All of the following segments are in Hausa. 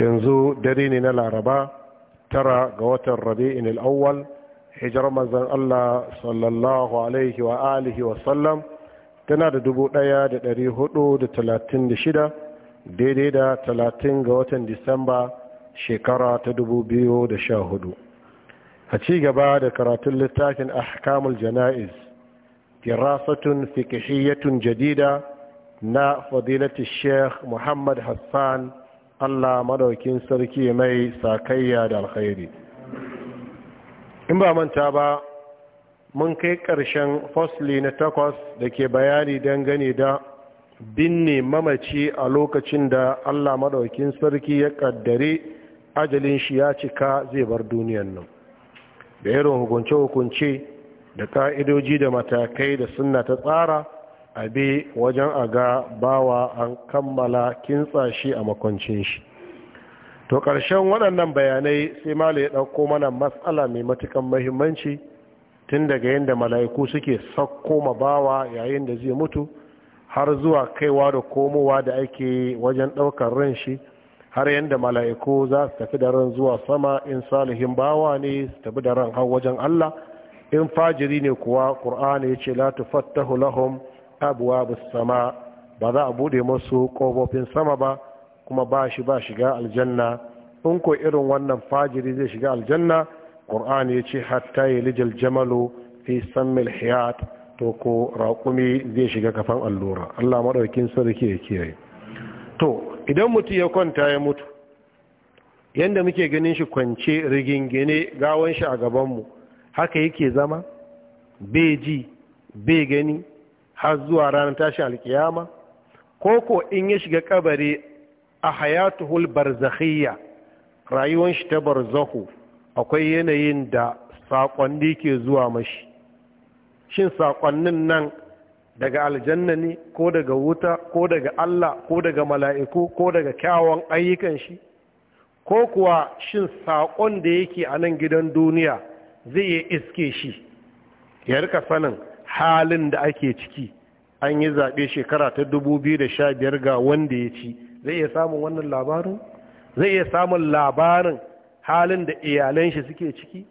yanzu dare ne na laraba tara ga watan rabi'in al'awwal hijirar manzan Allah sallallahu alaihi wa alihi wa tana da dubu ɗaya da ɗari hudu da talatin da shida daidai da talatin ga watan disamba shekara ta dubu biyu da sha hudu a ci gaba da karatun littafin ahkamul jana'iz dirasatun fikihiyatun jadida na fadilati Shekh muhammad hassan Allah madaukin sarki mai sakayya da alkhairi in ba manta ba mun kai ƙarshen fosli na takwas da ke bayani dangane da binne mamaci a lokacin da Allah madaukin sarki ya kaddare ajalin shi ya cika zai bar duniyan nan da irin hukunce-hukunce da ka'idoji da matakai da sunna ta tsara abe wajen a ga bawa an kammala kintsa shi a makwancin shi to ƙarshen waɗannan bayanai sai mala ya ɗauko mana matsala mai matukan mahimmanci tun daga yadda mala'iku suke sakko ma bawa yayin da zai mutu har zuwa kaiwa da komowa da ake wajen ɗaukar ran shi har yadda mala'iku za su tafi da ran zuwa sama in salihin bawa ne su tafi da ran har wajen Allah in fajiri ne kuwa ƙur'ani ya ce la tufattahu lahum abuwa sama ba za a bude masu ƙofofin sama ba kuma ba shi ba shiga aljanna in ko irin wannan fajiri zai shiga aljanna ƙur'ani ya ce hatta yi lijal jamalu fi sammil hiyat to ko raƙumi zai shiga kafan allura allah maɗaukin sarki ya kiyaye to idan mutum ya kwanta ya mutu yadda muke ganin shi kwance rigingine gawan shi a gabanmu haka yake zama bai ji bai gani har zuwa ranar tashin alkiyama ko ko in ya shiga kabari a hayatuhul barzakhiyya rayuwar shi ta barzahu akwai yanayin da saƙonni ke zuwa mashi shin saƙonnin nan daga aljanna ne ko daga wuta ko daga Allah ko daga mala'iku ko daga kyawun ayyukan shi ko kuwa shin saƙon da yake a nan gidan duniya zai iske shi ya rika sanin halin da ake ciki an yi zaɓe shekara ta dubu biyu da sha biyar ga wanda ya ci zai iya samun wannan labarin zai iya samun labarin halin da iyalan shi suke ciki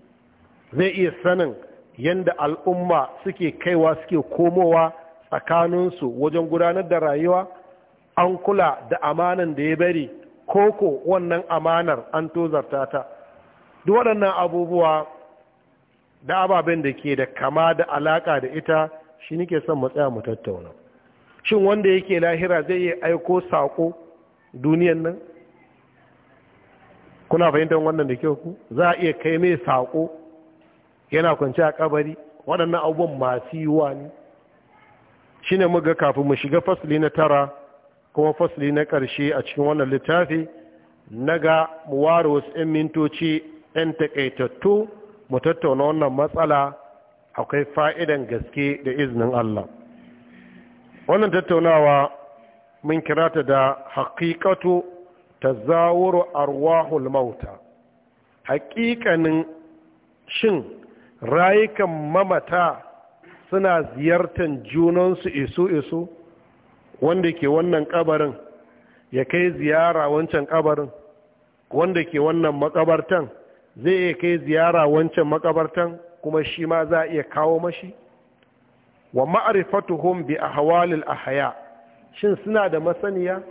zai iya sanin yadda al'umma suke kaiwa suke komowa tsakaninsu wajen gudanar da rayuwa an kula da amanan da ya bari koko wannan amanar an tozarta ta duk waɗannan abubuwa da ababen da ke da kama da alaka da ita shi nike son mu tsaya mu tattauna shin wanda yake lahira zai iya aiko sako duniyan nan kuna fahimtar wannan da kyau ku za a iya kai mai sako yana kwanci a kabari waɗannan abubuwan masu wa ne shi ne muga kafin mu shiga fasli na tara kuma fasli na ƙarshe a cikin wannan littafi na ga mu ware wasu 'yan mintoci 'yan taƙaitattu mu tattauna wannan matsala akwai fa'idan gaske da iznin Allah wannan tattaunawa mun kira ta da haƙiƙatu ta zawuru arwahul mauta haƙiƙanin shin rayukan mamata suna ziyartar junansu isu-isu wanda ke wannan ƙabarin ya kai ziyara wancan ƙabarin, wanda ke wannan makabartan zai iya kai ziyara wancan makabartan kuma shi ma za a iya kawo mashi wa ma'arifatuhum bi ahwalil ahya shin suna da masaniya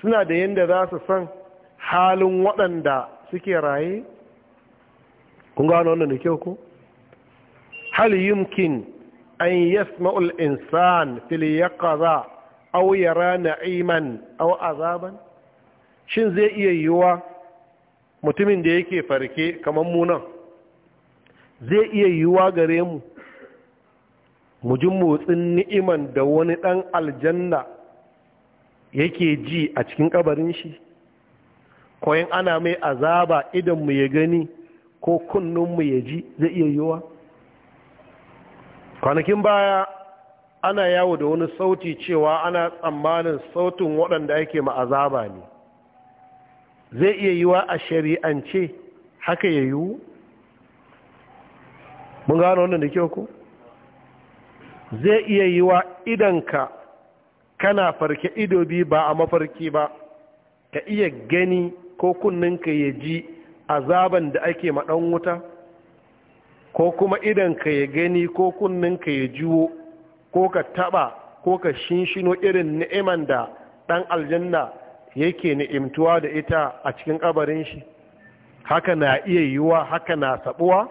suna da yanda za su san halin waɗanda suke raye kun gano wannan da kyau ko hal yumkin an al insan fil yaqaza aw yara na'iman aw azaban shin zai iya yiwuwa mutumin da yake farke kamar munan zai iya yiwuwa gare mu mu ji motsin ni'iman da wani ɗan aljanna yake ji a cikin ƙabarin shi koyin ana mai azaba idan mu ya gani ko kunnun mu ya ji zai iya yiwuwa kwanakin baya ana yawo da wani sauti cewa ana tsammanin sautin waɗanda ake azaba ne zai iya yiwa a shari'ance haka ya yiwu mun gano wannan da kyau ku zai iya yiwa idanka kana farke ido bi ba a mafarki ba ka iya gani ko kunninka ya ji azaban da ake maɗan wuta ko kuma idanka ya gani ko kunninka ya jiwo ko ka taɓa ko ka shinshino irin ni'iman da ɗan aljanna yake ni'imtuwa da ita a cikin kabarin shi haka na iya yiwuwa haka na sabuwa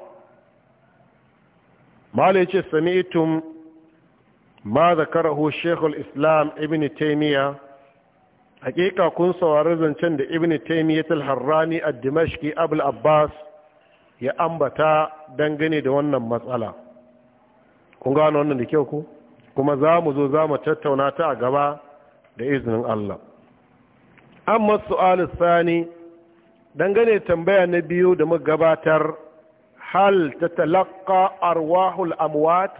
mala yace sami'tum ma zakarahu shekul islam ibn taimiyya hakika kun saurari zancen da ibn taimiyya al-harrani ad-dimashqi abul abbas ya ambata dangane da wannan matsala kun gano wannan da kyau ku kuma za mu zo za mu tattauna ta a gaba da izinin Allah amma su'al sani dangane tambaya na biyu da muka gabatar hal ta talakka arwahul amwat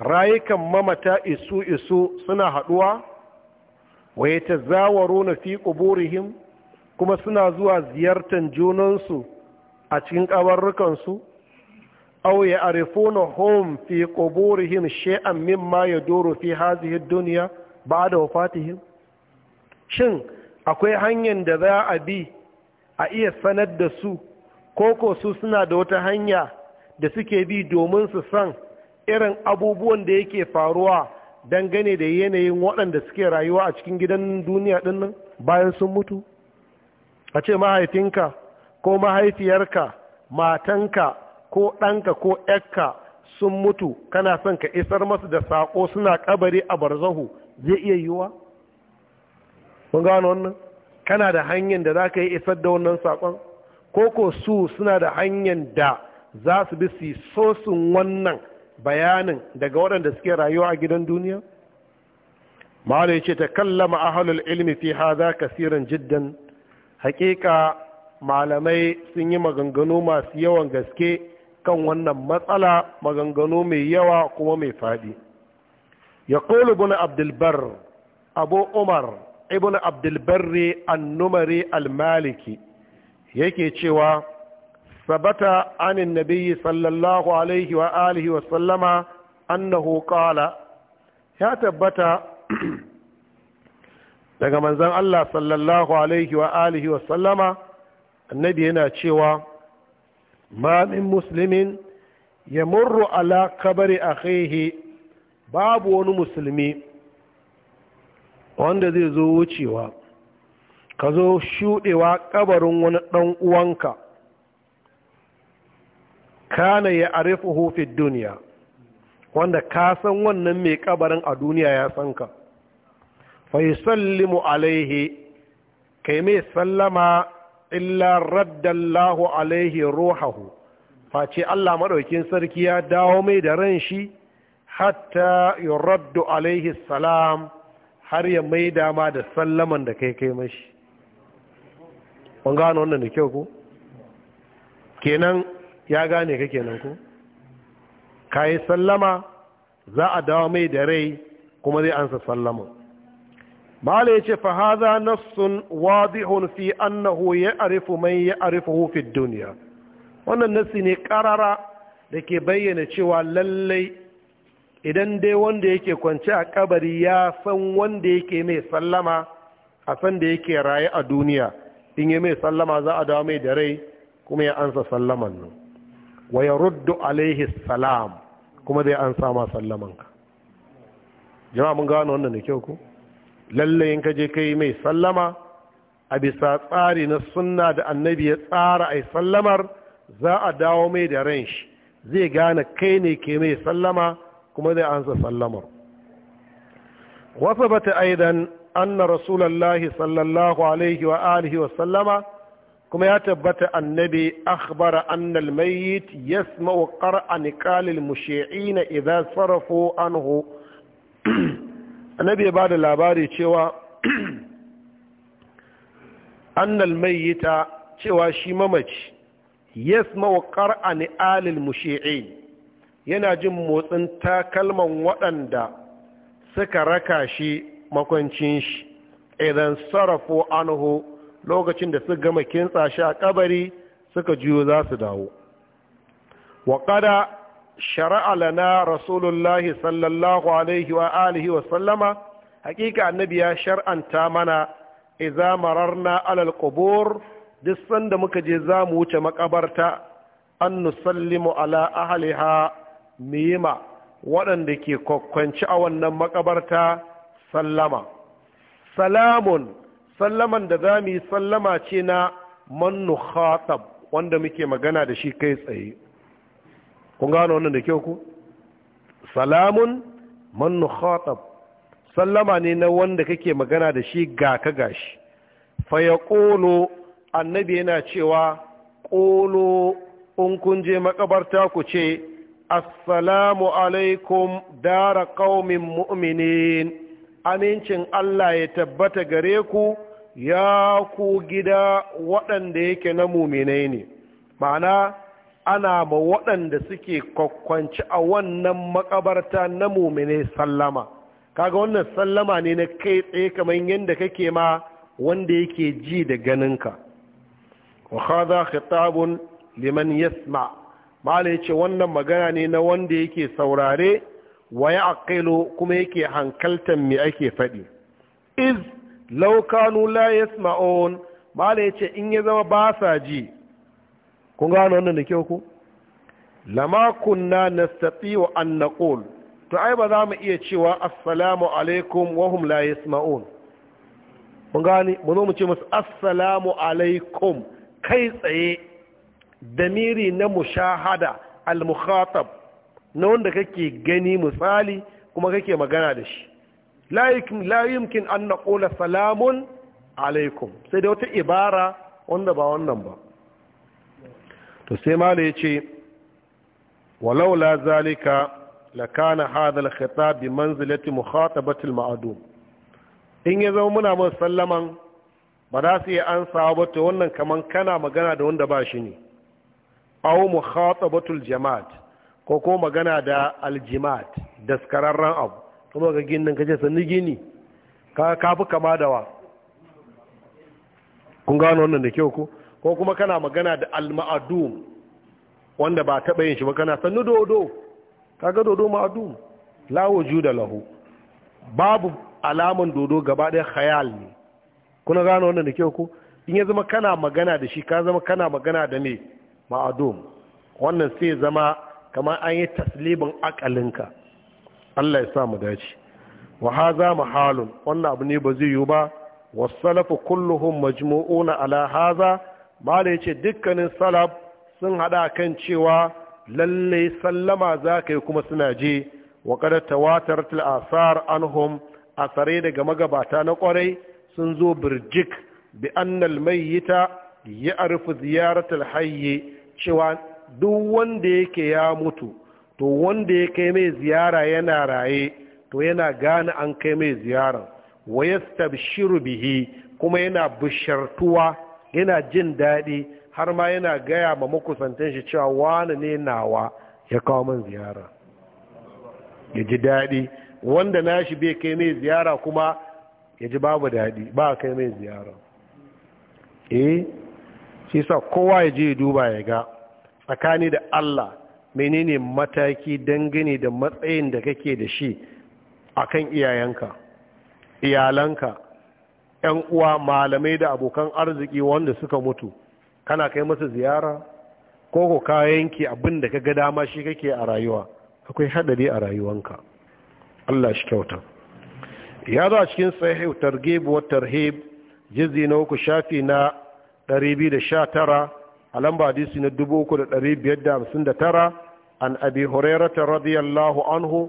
rayukan mamata isu isu suna haduwa waye ta zawaro na fi ƙuburihim kuma suna zuwa ziyartar junansu a cikin ƙawarrukansu? au ya arifo na home fi ƙuburihim she'an mimma ya doro fi hazihin duniya ba da wafatihim shin akwai hanyar da za a bi a iya sanar da su ko su suna da wata hanya da suke bi domin su san irin abubuwan da yake faruwa dangane da yanayin waɗanda suke rayuwa a cikin gidan duniya ɗinnan bayan sun mutu a ce mahaifinka ko mahaifiyarka matanka ko ɗanka ko ƴakka sun mutu kana son ka isar masu da saƙo suna ƙabari a barzahu zai iya yiwuwa mun gano wannan kana da hanyar da za ka yi isar da wannan saƙon ko ko su suna da hanyar da za su bi su sosin wannan bayanin daga waɗanda suke rayuwa a gidan duniya ma'ala ya ce ta kallama ahalul ilmi fi haza kasirin jiddan hakika malamai sun yi maganganu masu yawan gaske kan wannan matsala maganganu mai yawa kuma mai faɗi ya ƙolubun abdulbar abu umar ibn abdulbarri annumari almaliki yake cewa sabata anin nabiyyi sallallahu alaihi wa alihi wa sallama annahu qala ya tabbata daga manzan Allah sallallahu alaihi wa alihi wa sallama annabi yana cewa ma min muslimin yamurru ala kabari akhihi babu wani musulmi wanda zai zo wucewa ka zo shuɗewa ƙabarin wani ɗan uwanka kana ya arifu hufin duniya wanda ka san wannan mai ƙabarin a duniya ya san ka faisallimu alaihi kai mai sallama illa raddallahu alaihi ruhahu face Allah maɗaukin sarki ya dawo mai da ran shi hatta raddu alaihi salam har ya mai dama da sallaman da kai kai mashi ban gano wannan da kyau ko kenan ya gane ka kenan ko ka yi sallama za a dawo mai da rai kuma zai ansa sallama mala ya ce fahaza nassun wadihun fi annahu ya arifu mai ya arifu hufin duniya wannan nassi ne karara da ke bayyana cewa lallai idan dai wanda yake kwance a kabari ya san wanda yake mai sallama a san da yake rayu a duniya in yi mai sallama za a dawo mai da rai kuma ya ansa sallaman nan wa ya ruddu alaihi salam kuma zai ansa ma sallaman ka jama'a mun gano wannan da kyau ku lalle in ka je kai mai sallama a bisa tsari na sunna da annabi ya tsara ai sallamar za a dawo mai da ran shi zai gane kai ne ke mai sallama kuma zai ansa sallamar wasu ba ta aidan an na rasulallah sallallahu alaihi wa alihi wa sallama kuma ya tabbata annabi akhbara annal mayyit yasma'u qara'a niqalil mushi'in idza sarafu anhu annabi ba da labari cewa annal mayyita cewa shi mamaci yasma'u qara'a niqalil mushi'in yana jin motsin takalman waɗanda suka raka shi makwancin shi idan sarrafo anhu lokacin da su gama kintsa shi a kabari suka juyo za su dawo waƙada shari'a lana rasulullahi sallallahu alaihi wa alihi wa sallama hakika annabi ya shar'anta mana iza mararna alal qubur duk sanda muka je za mu wuce makabarta an nusallimu ala ahliha nema waɗanda ke kwakwanci a wannan makabarta sallama salamun sallaman da za mu yi sallama ce na mannu khatab wanda muke magana da shi kai tsaye kun gano wannan da kyau ku salamun mannu khatab sallama ne na wanda kake magana da shi ga ka gashi fa ya annabi yana cewa ƙolo in kun je makabarta ku ce assalamu alaikum dara qaumin mu'minin amincin Allah ya tabbata gare ku ya ku gida waɗanda yake na muminai ne ma'ana ana ma waɗanda suke kwakwanci a wannan makabarta na muminai sallama kaga wannan sallama ne na kai tsaye kamar yadda kake ma wanda yake ji da ganinka wa khadha khitabun liman yasma' mala ce wannan magana ne na wanda yake saurare wa ya ya'qilu kuma yake hankaltan me ake faɗi iz law kanu la yasma'un mala ce in ya zama ba sa ji kun gano wannan da kyau ko lama kunna nastati'u an naqul to ai ba za mu iya cewa assalamu alaikum wa hum la yasma'un mun gani mu zo mu ce musu assalamu alaikum kai tsaye damiri na mushahada al-mukhatab na wanda kake gani misali kuma kake magana da shi la yumkin an naqula salamun alaikum sai da wata ibara wanda ba wannan ba to sai mala yace walau la zalika lakana hadha al-khitab bi manzilati mukhatabati al-ma'dum in ya zama muna mun sallaman ba za su yi an sawa ba to wannan kaman kana magana da wanda ba shi ne aw mukhatabatul jama'at ko ko magana da aljimat daskararren abu kuma ga ginin kace sanni gini ka kafi kama da wa kun gano wannan da kyau ko ko kuma kana magana da alma'adum wanda ba taɓa yin shi ba kana sannu dodo kaga dodo ma'adum la wujuda lahu babu alaman dodo gaba ɗaya khayal ne kuna gano wannan da kyau ko in ya zama kana magana da shi ka zama kana magana da me ma'adum wannan sai zama kamar an yi taslibin akalinka Allah ya sa mu dace wa haza mahalun wannan abu ne ba zai yiwu ba wasalafu kulluhum majmu'una ala haza malai yace dukkanin salaf sun hada kan cewa lalle sallama zakai kuma suna je wa qad tawatarat al-asar anhum asare daga magabata na kwarai sun zo birjik bi anna al-mayyita ya'rifu ziyarat al-hayy cewa duk wanda yake ya mutu to wanda ya kai mai ziyara yana raye to yana gane an kai mai ziyara wa yastabshiru bihi kuma yana bishartuwa yana jin daɗi har ma yana gaya ma makusantan shi cewa wani ne nawa ya kawo min ziyara ya ji daɗi wanda nashi bai kai mai ziyara kuma ya ji babu daɗi ba kai mai ziyara eh shi sa kowa ya je duba ya ga tsakani da Allah menene mataki dangane da matsayin da kake da shi akan iyayenka iyalanka yan uwa malamai da abokan arziki wanda suka mutu kana kai masa ziyara ko ko kayanki abin da kaga dama shi kake a rayuwa akwai hadari a rayuwanka Allah shi kyauta ya zo a cikin sahih targhib wa tarhib jizi na uku shafi na 219 a lamba hadisi na 3559 an abi hurairata radiyallahu anhu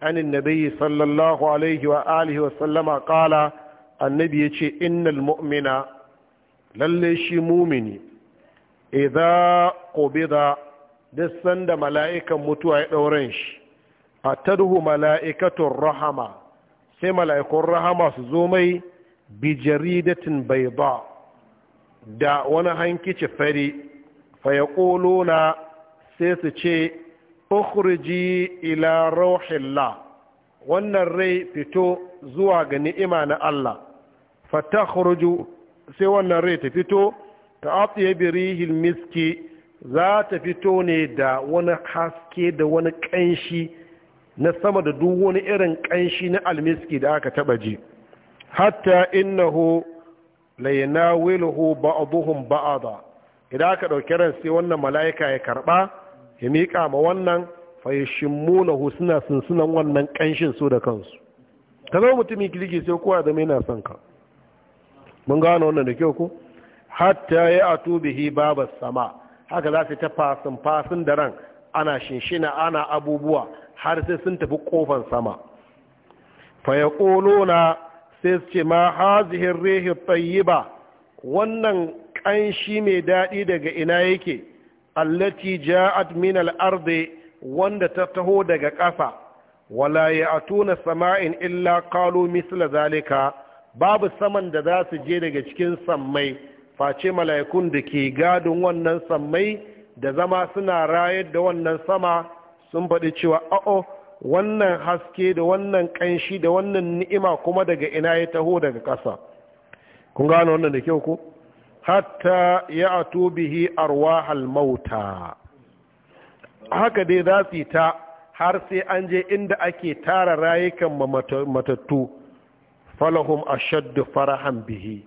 an annabi sallallahu alaihi wa alihi wa sallama qala annabi yace innal mu'mina lallai shi mu'mini idza qubida dissan da mala'ikan mutuwa ya dauran shi atadhu mala'ikatur rahama sai mala'ikun rahama su zo mai bi jaridatin ba. da wani hankici fari ƙoluna sai su ce ukhriji ila rauhillah wannan rai fito zuwa ga ni'ima na Allah fatakhruju sai wannan rai ta fito ta afiye birihil miski za ta fito ne da wani haske da wani ƙanshi na sama da duk wani irin ƙanshi na almiski da aka taɓa ji hatta innahu la yanawiluhu ba'dhum ba'da idan aka ɗauki ran sai wannan malaika ya karba ya mika ma wannan fa yashmunahu suna sunsunan wannan kanshin su da kansu ka zama mutumin kirki sai kowa da mai na son ka mun gano wannan da kyau ko hatta ya atu bihi babas sama haka za su ta fasin fasin da ran ana shinshina ana abubuwa har sai sun tafi kofan sama fa yaquluna sai su ce ma hazihin rehi tayyiba wannan ƙanshi mai daɗi daga ina yake allati ja'at min al-ardi wanda ta taho daga ƙasa wala ya'tuna sama'in illa qalu misla zalika babu saman da za su je daga cikin sammai face mala'ikun da ke gadon wannan sammai da zama suna rayar da wannan sama sun faɗi cewa a'o wannan haske da wannan ƙanshi da wannan ni'ima kuma daga ina ya taho daga ƙasa kun gano wannan da kyau ko hatta ya ato bihi arwahal mauta haka dai za su ta har sai an je inda ake tara rayukan matattu falahum ashaddu farahan bihi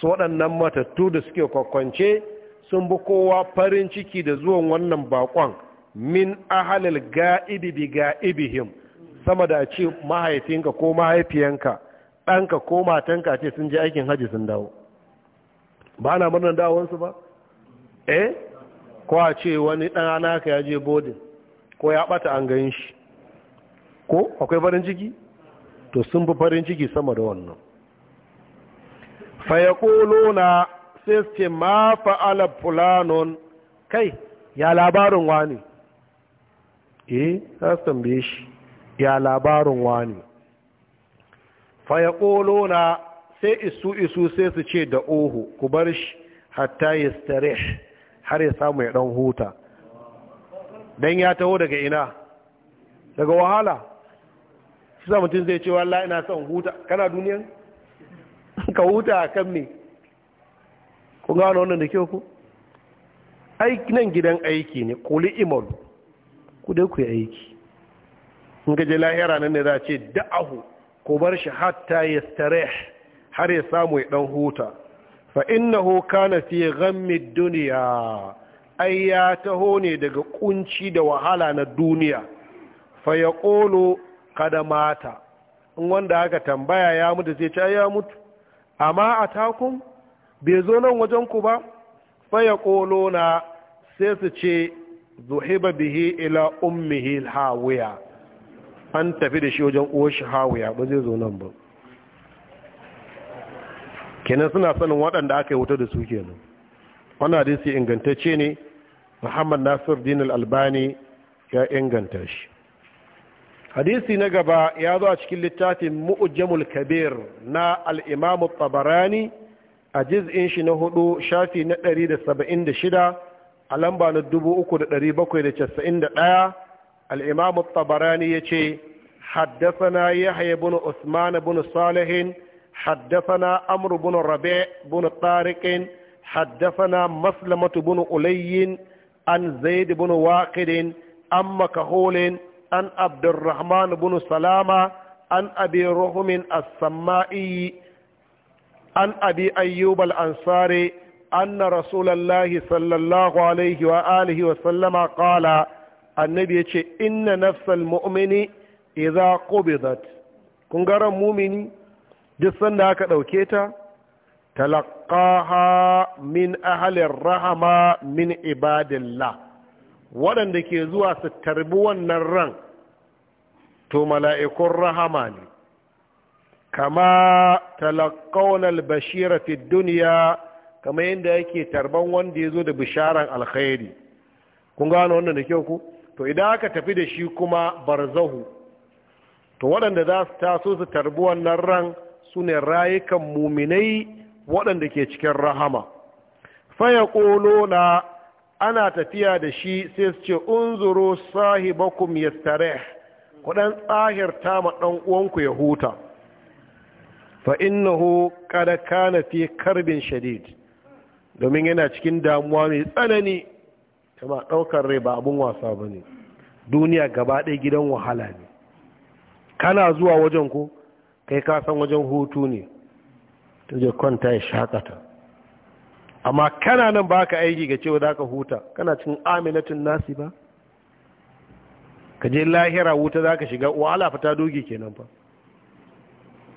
su waɗannan matattu da suke kwakwance sun bi kowa farin ciki da zuwan wannan baƙon. min ahalil ga'ibi bi ga'ibihim sama da ce mahaifinka ko mahaifiyanka ɗanka ko matanka ce sun je aikin haji sun dawo ba na murnar dawonsu ba eh ko a ce wani ɗan anaka ya je bodin ko ya ɓata an gan shi ko akwai farin ciki to sun fi farin ciki sama da wannan fayakolona sai ce ma fa'ala fulanon kai ya labarin wani eh za tambaye shi ya labarin wani ya na sai isu isu sai su ce da ohu ku bar shi hatta ya starih har ya samu ya ɗan huta don ya taho daga ina daga wahala shi sa mutum zai ce wallah ina son huta kana duniyan ka huta a kan me ku gano wannan da kyau ku nan gidan aiki ne kuli imanu ku dai ku yi aiki in gaje lahira nan ne za ce da'ahu ku bar shi hatta ya stareh har ya samu ya dan huta fa innahu kana fi ghammi dunya ai ya taho ne daga kunci da wahala na duniya fa yaqulu kada mata in wanda aka tambaya ya mutu sai ce ya mutu amma atakum bai zo nan wajen ku ba fa yaquluna sai su ce zuhiba bihi ila ummihi hawiya an tafi da shi wajen uwashi hawiya ba zai zo nan ba kenan suna sanin waɗanda aka yi wuta da su kenan wannan hadisi ingantacce ne muhammad nasir din albani ya inganta shi hadisi na gaba ya zo a cikin littafin muujjamul kabir na al'imamu tabarani a jiz'in shi na hudu shafi na 176 a lamba na dubu uku da ɗari bakwai da casa'in da ɗaya al'imamu tabarani ya ce haddasana ya haye bin usman bin salihin haddasana Amru bin rabe bin tsarikin haddasana maslamatu bin ulayyin an zaid bin waƙirin an makaholin an abdurrahman bin salama an abi ruhumin as an abi ayyubal al-ansari أن رسول الله صلى الله عليه وآله وسلم قال النبي يقول إن نفس المؤمن إذا قبضت كنغر مؤمني جسن داك دوكيتا تلقاها من أهل الرحمة من عباد الله ودن دكي زوا ستربوا النران تو ملائكو الرحمن كما تلقون البشير في الدنيا kamar yadda yake tarban wanda ya zo da bisharan alkhairi kun gano wannan da kyau ku to idan aka tafi da shi kuma barzahu to waɗanda za su taso su tarbi wannan ran su ne rayukan muminai waɗanda ke cikin rahama faya ƙolo na ana tafiya da shi sai su ce unzuro sahibakum yastarih ku kuɗan tsahirta ma ɗan uwanku ya huta fa innahu qad kana fi karbin shadid domin yana cikin damuwa mai tsanani kama ɗaukar rai ba abin wasa ba ne duniya gaba ɗaya gidan wahala ne kana zuwa wajen ko kai ka san wajen hutu ne ta je kwanta ya shakata amma kana nan ba ka aiki ga cewa za ka huta kana cin aminatun nasi ba ka je lahira wuta za ka shiga wahala fita dogi kenan fa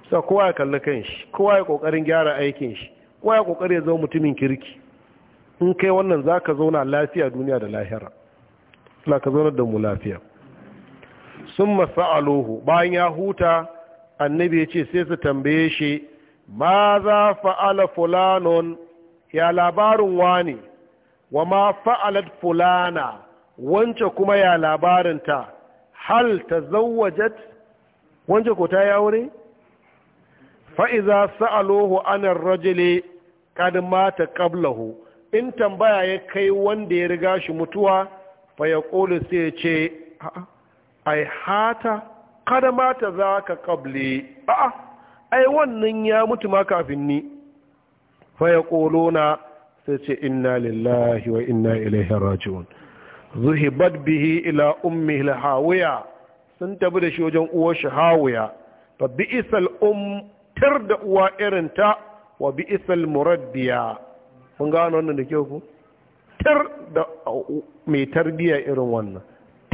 sa kowa ya kalli kan shi kowa ya ƙoƙarin gyara aikin shi kowa ya kokari ya zama mutumin kirki in kai wannan za ka zauna lafiya duniya da lahira Allah ka zauna da mu lafiya sun alohu bayan ya huta annabi ya ce sai su tambaye shi ma za fa'ala fulanon ya labarin wani wa ma fa'alat fulana wance kuma ya labarinta hal ta zawajat wance ko ta yi aure fa'iza sa’alohu anan rajile kad mata qablahu in tambaya ya kai wanda ya riga shi mutuwa fa ya sai ya ce ai hata kad mata ka qabli a'a ai wannan ya mutu ma kafin ni fa ya quluna sai ce inna lillahi wa inna ilaihi raji'un zuhibat bihi ila ummi hawiya sun tabi da shi wajen uwar shi hawiya fa bi'sal um tar da uwa irin ta wa bi isal muraddiya mun ga wannan da kyau ku Tar da mai tarbiya irin wannan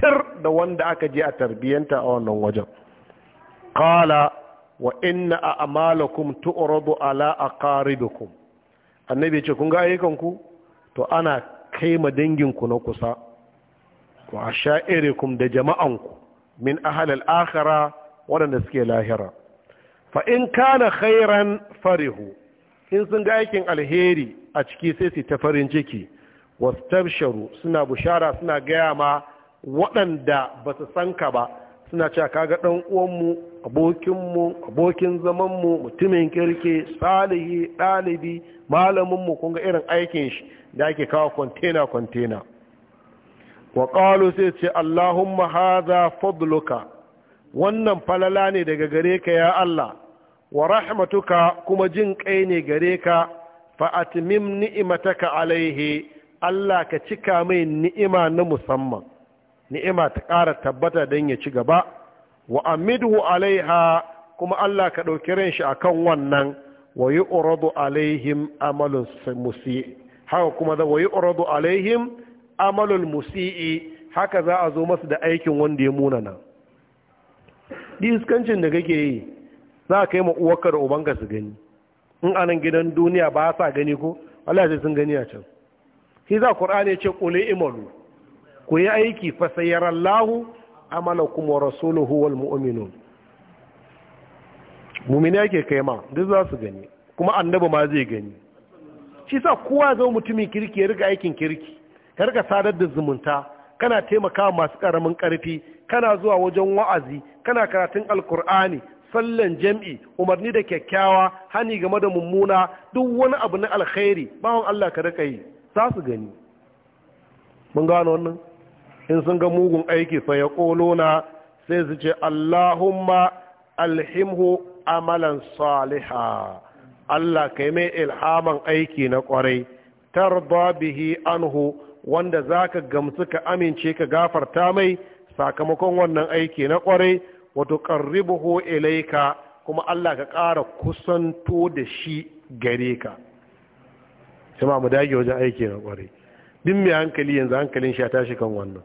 Tar da wanda aka je a tarbiyanta a wannan wajen qala wa inna a'malakum tu'radu ala aqaribikum annabi ya ce kun ga ayyukan ku to ana kai ma dangin ku na kusa wa asha'irikum da jama'an ku min ahal al-akhirah waɗanda suke lahira fa in kana khairan farihu in sun ga aikin alheri a ciki sai su ta farin ciki Wasu wastabsharu suna bushara suna gaya ma waɗanda ba su san ka ba suna cewa kaga ɗan uwanmu abokinmu abokin zamanmu mutumin kirke salihi ɗalibi malaminmu kun ga irin aikin shi da ake kawo kwantena kwantena wa ƙalu sai ce allahumma haza fadluka wannan falala ne daga gare ka ya allah wa rahmatuka kuma jin kai ne gare ka fa atmim ni'mataka alaihi Allah ka cika mai ni'ima na musamman ni'ima ta ƙara tabbata don ya ci gaba wa amidhu alaiha kuma Allah ka ɗauki ran shi akan wannan wa yu'radu alaihim amalun musii haka kuma da wa uradu alaihim amalul musii haka za a zo masu da aikin wanda ya munana diskancin da kake yi za ka yi ma'uwarka da ubanka su gani in anan gidan duniya ba sa gani ko Allah sai sun gani a can shi za ya ce quli imalu ku yi aiki fa sayyarallahu amalakum wa rasuluhu wal mu'minun mu'mini yake kai ma duk za su gani kuma annabi ma zai gani shi sa kowa zo mutumin kirki ya riga aikin kirki ka riga sadar da zumunta kana taimakawa masu karamin karfi kana zuwa wajen wa'azi kana karatun alkur'ani sallan jam'i umarni da kyakkyawa hani game da mummuna duk wani abu na alkhairi bawon Allah ka rika yi za su gani mun gano wannan in sun ga mugun aiki fa ya na sai su ce Allahumma alhimhu amalan saliha Allah ka yi mai ilhaman aiki na kwarai tarda bihi anhu wanda zaka gamsu ka amince ka gafarta mai sakamakon wannan aiki na kwarai wa tuqarribuhu ilayka kuma Allah ka ƙara kusanto da shi gare ka jama'a mu dage wajen aiki na kware din mai hankali yanzu hankalin shi ya tashi kan wannan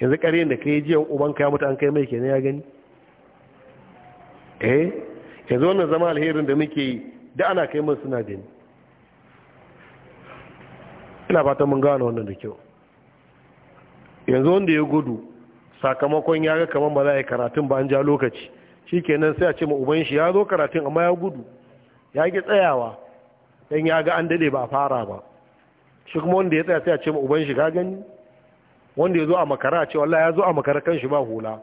yanzu ƙaryen da kai jiyan uban ka ya mutu an kai mai kenan ya gani eh yanzu wannan zama alherin da muke yi da ana kai mun suna gani ina fatan mun gano wannan da kyau yanzu wanda ya gudu sakamakon ya ga kamar ba za a yi karatun ba an ja lokaci shi kenan sai a ce ma uban shi ya zo karatun amma ya gudu ya ki tsayawa dan ya ga an dade ba a fara ba shi kuma wanda ya tsaya sai a ce ma uban shi ka gani wanda ya zo a makara a ce wallahi ya zo a makara kan shi ba hula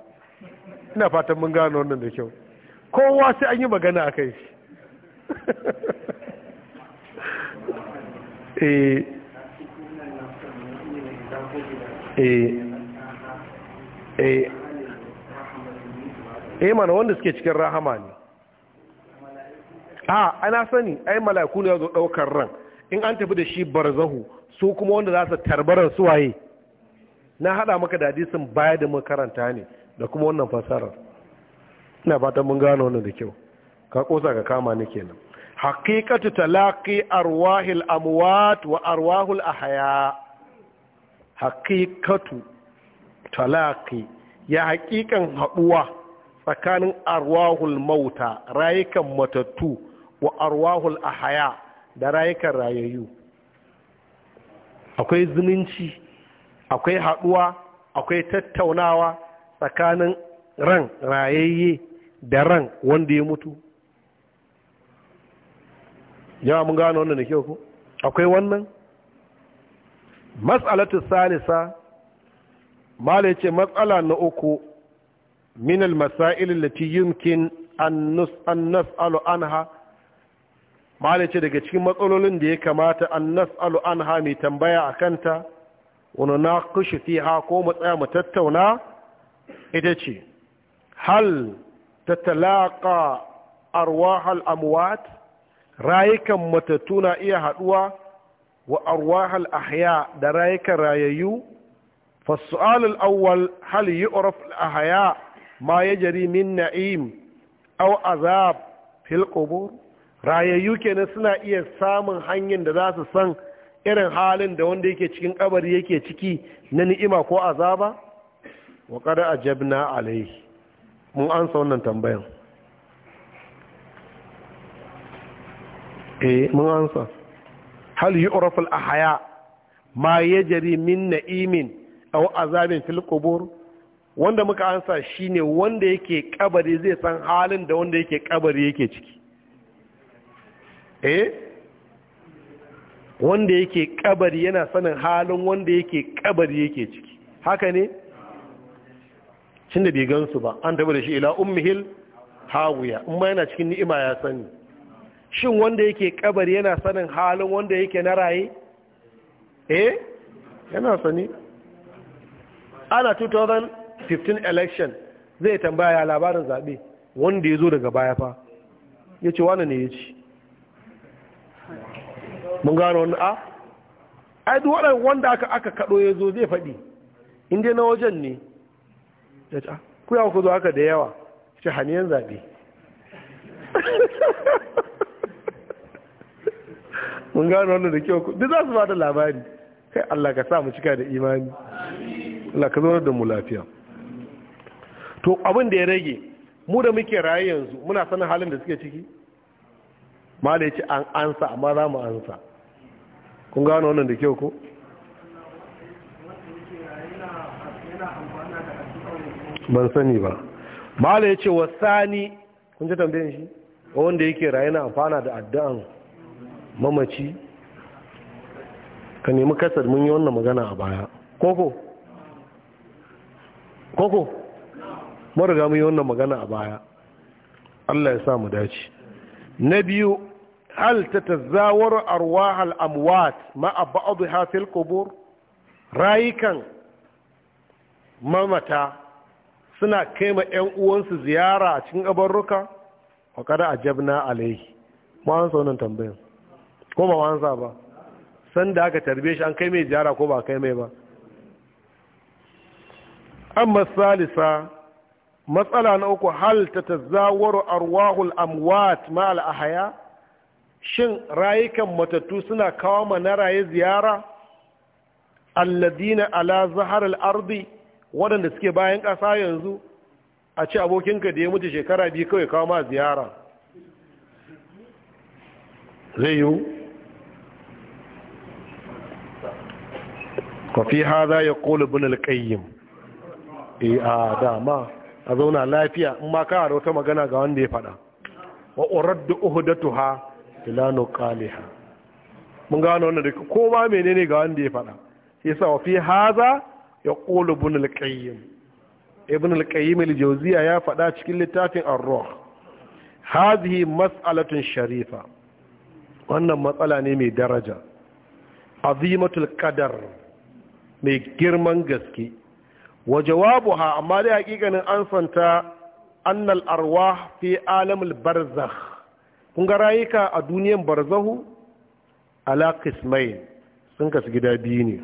ina fatan mun gano wannan da kyau kowa sai an yi magana a kai shi eh eh Eh. eh mana wanda suke cikin rahama ne a ah, ana sani ai mala'iku ne zo daukar ran in an tafi da shi barzahu su kuma wanda za su tarbaran suwaye na hada maka da hadisin baya da makaranta ne da kuma wannan fasarar ina fatan mun gano wannan da kyau ka kosa ka kama ni kenan haqiqatu talaqi arwahil amwat wa arwahul ahya haqiqatu Talaki ya haƙiƙan haɗuwa tsakanin arwahul mauta rayukan matattu wa arwahul ahaya da rayukan rayayyu akwai zumunci akwai haɗuwa akwai tattaunawa tsakanin ran rayayye da ran wanda ya mutu yawa mun gano wannan da kyau ku akwai wannan matsalatu salisa mala ce matsala na uku min al-masail allati yumkin an nus an nas'alu anha mala ce daga cikin matsalolin da ya kamata an nas'alu anha mai tambaya ta wani na kushi fiha ko mu tsaya mu tattauna ita ce hal tattalaqa arwahal amwat rayukan matattu na iya haduwa wa arwahal ahya da rayukan rayayyu فالسؤال الأول هل يعرف الأحياء ما يجري من نعيم أو عذاب في القبور rayayyu kenan suna iya samun hanyar da za su san irin halin da wanda yake cikin kabari yake ciki na ni'ima ko azaba wa kada ajabna alaihi mun ansa wannan tambayan eh mun ansa hal yu'rafu al ahya ma yajri min na'imin aw azabin fil qubur wanda muka ansa shine wanda yake kabari zai san halin da wanda yake kabari yake ciki eh wanda yake kabari yana sanin halin wanda yake kabari yake ciki haka ne cin da bai gansu ba an taba da shi ila ummihil hawiya in ma yana cikin ni'ima ya sani shin wanda yake kabari yana sanin halin wanda yake na raye eh yana sani ana 2015 election zai tambaya labarin zaɓe wanda ya zo daga baya fa ya ce wane ne ya ci mun gano wani a aidu waɗanda wanda aka aka kaɗo ya zo zai faɗi inda na wajen ne ya ce ah, ku yawon ku zo aka da yawa ce haniyan zaɓe mun gano wani da kyau duk za su ba da labari kai Allah ka sa mu cika da imani Allah ka zaunar da mu lafiya to abin da ya rage mu da muke raye yanzu muna sanin halin da suke ciki mala ya an ansa amma za mu ansa kun gano wannan da kyau ko ban sani ba mala ya ce wa sani kun ji tambayin shi wanda yake raye na amfana da addu'an mamaci ka nemi kasar mun yi wannan magana a baya koko koko mariga mu yi wannan magana a baya Allah ya sa mu dace na biyu hal ta tazawar arwah amwat ma'a ba'adu hafil qubur rayukan mamata suna kai ma 'yan uwansu ziyara a cikin abarruka a kada jabna alaihi ma an sa wannan tambayin? ko ba an sa ba san da aka tarbe shi an kai mai ziyara ko ba kai mai ba amma salisa matsala na uku hal ta tazawaru arwahul amwat ma haya, shin rayukan matattu suna kawo mana raye ziyara alladina ala zaharar ardi waɗanda suke bayan ƙasa yanzu a ce abokinka da ya mutu shekara biyu kawai kawo ma ziyara zai yiwu kwafi haza ya ƙolubin alƙayyim E a dama a zauna lafiya in ma ka wata magana ga wanda ya faɗa wa uraddu uhdatuha ila qaliha mun gano wannan da ko ma menene ga wanda ya faɗa sai sa wa fi haza yaqulu ibn al-qayyim ibn al-qayyim al-jawziya ya faɗa cikin littafin ar-ruh hadhihi mas'alatun sharifa wannan matsala ne mai daraja azimatul qadar mai girman gaske wa jawabuha amma dai hakikanin ansanta annal arwah fi alamul barzakh kun ga rayuka a duniyan barzahu ala qismain sun kasu gida biyu ne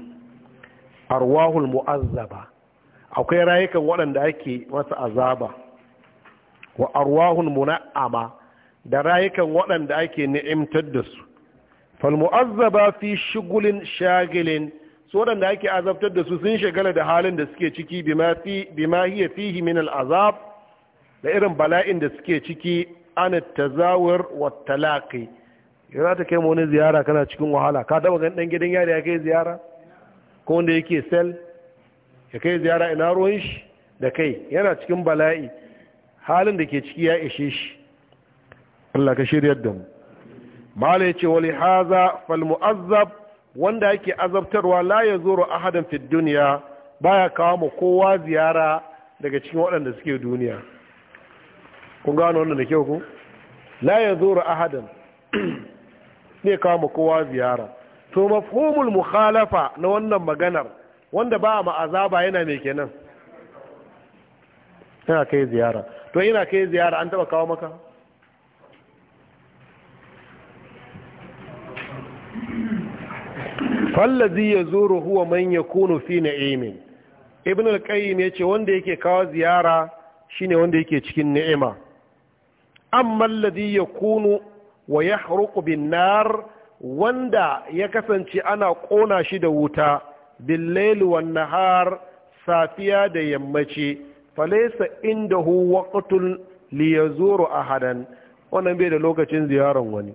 arwahul mu'azzaba akwai rayukan waɗanda ake masa azaba wa arwahul muna'ama da rayukan waɗanda ake ni'imtar da su fal mu'azzaba fi shugulin shagilin su waɗanda ake azabtar da su sun shagala da halin da suke ciki ma hiya fihi min al'azab da irin bala'in da suke ciki ana tazawar wa talaqi yana ta kai wani ziyara kana cikin wahala ka taba ganin dan gidan yari ya kai ziyara ko wanda yake sel ya kai ziyara ina ruwan shi da kai yana cikin bala'i halin da ke ciki ya ishe shi Allah ka shiryar da mu mala yace wali haza fal mu'azzab wanda yake azabtarwa la zoro ahadan fid dunya baya kawo mu kowa ziyara daga cikin waɗanda suke duniya kun gano wannan da kyau ku la yazuru ahadan ne kawo mu kowa ziyara to mafhumul mukhalafa na wannan maganar wanda ba ma azaba yana mai kenan yana kai ziyara to yana kai ziyara an taba kawo maka fallazi ya zuru huwa man ya kunu fi na'imin ibn al-qayyim ya ce wanda yake kawo ziyara shine wanda yake cikin ni'ima amma alladhi yakunu wa yahruqu bin nar wanda ya kasance ana kona shi da wuta bil layli wan nahar safiya da yammaci falaysa indahu waqtun li yazuru ahadan wannan bai da lokacin ziyaran wani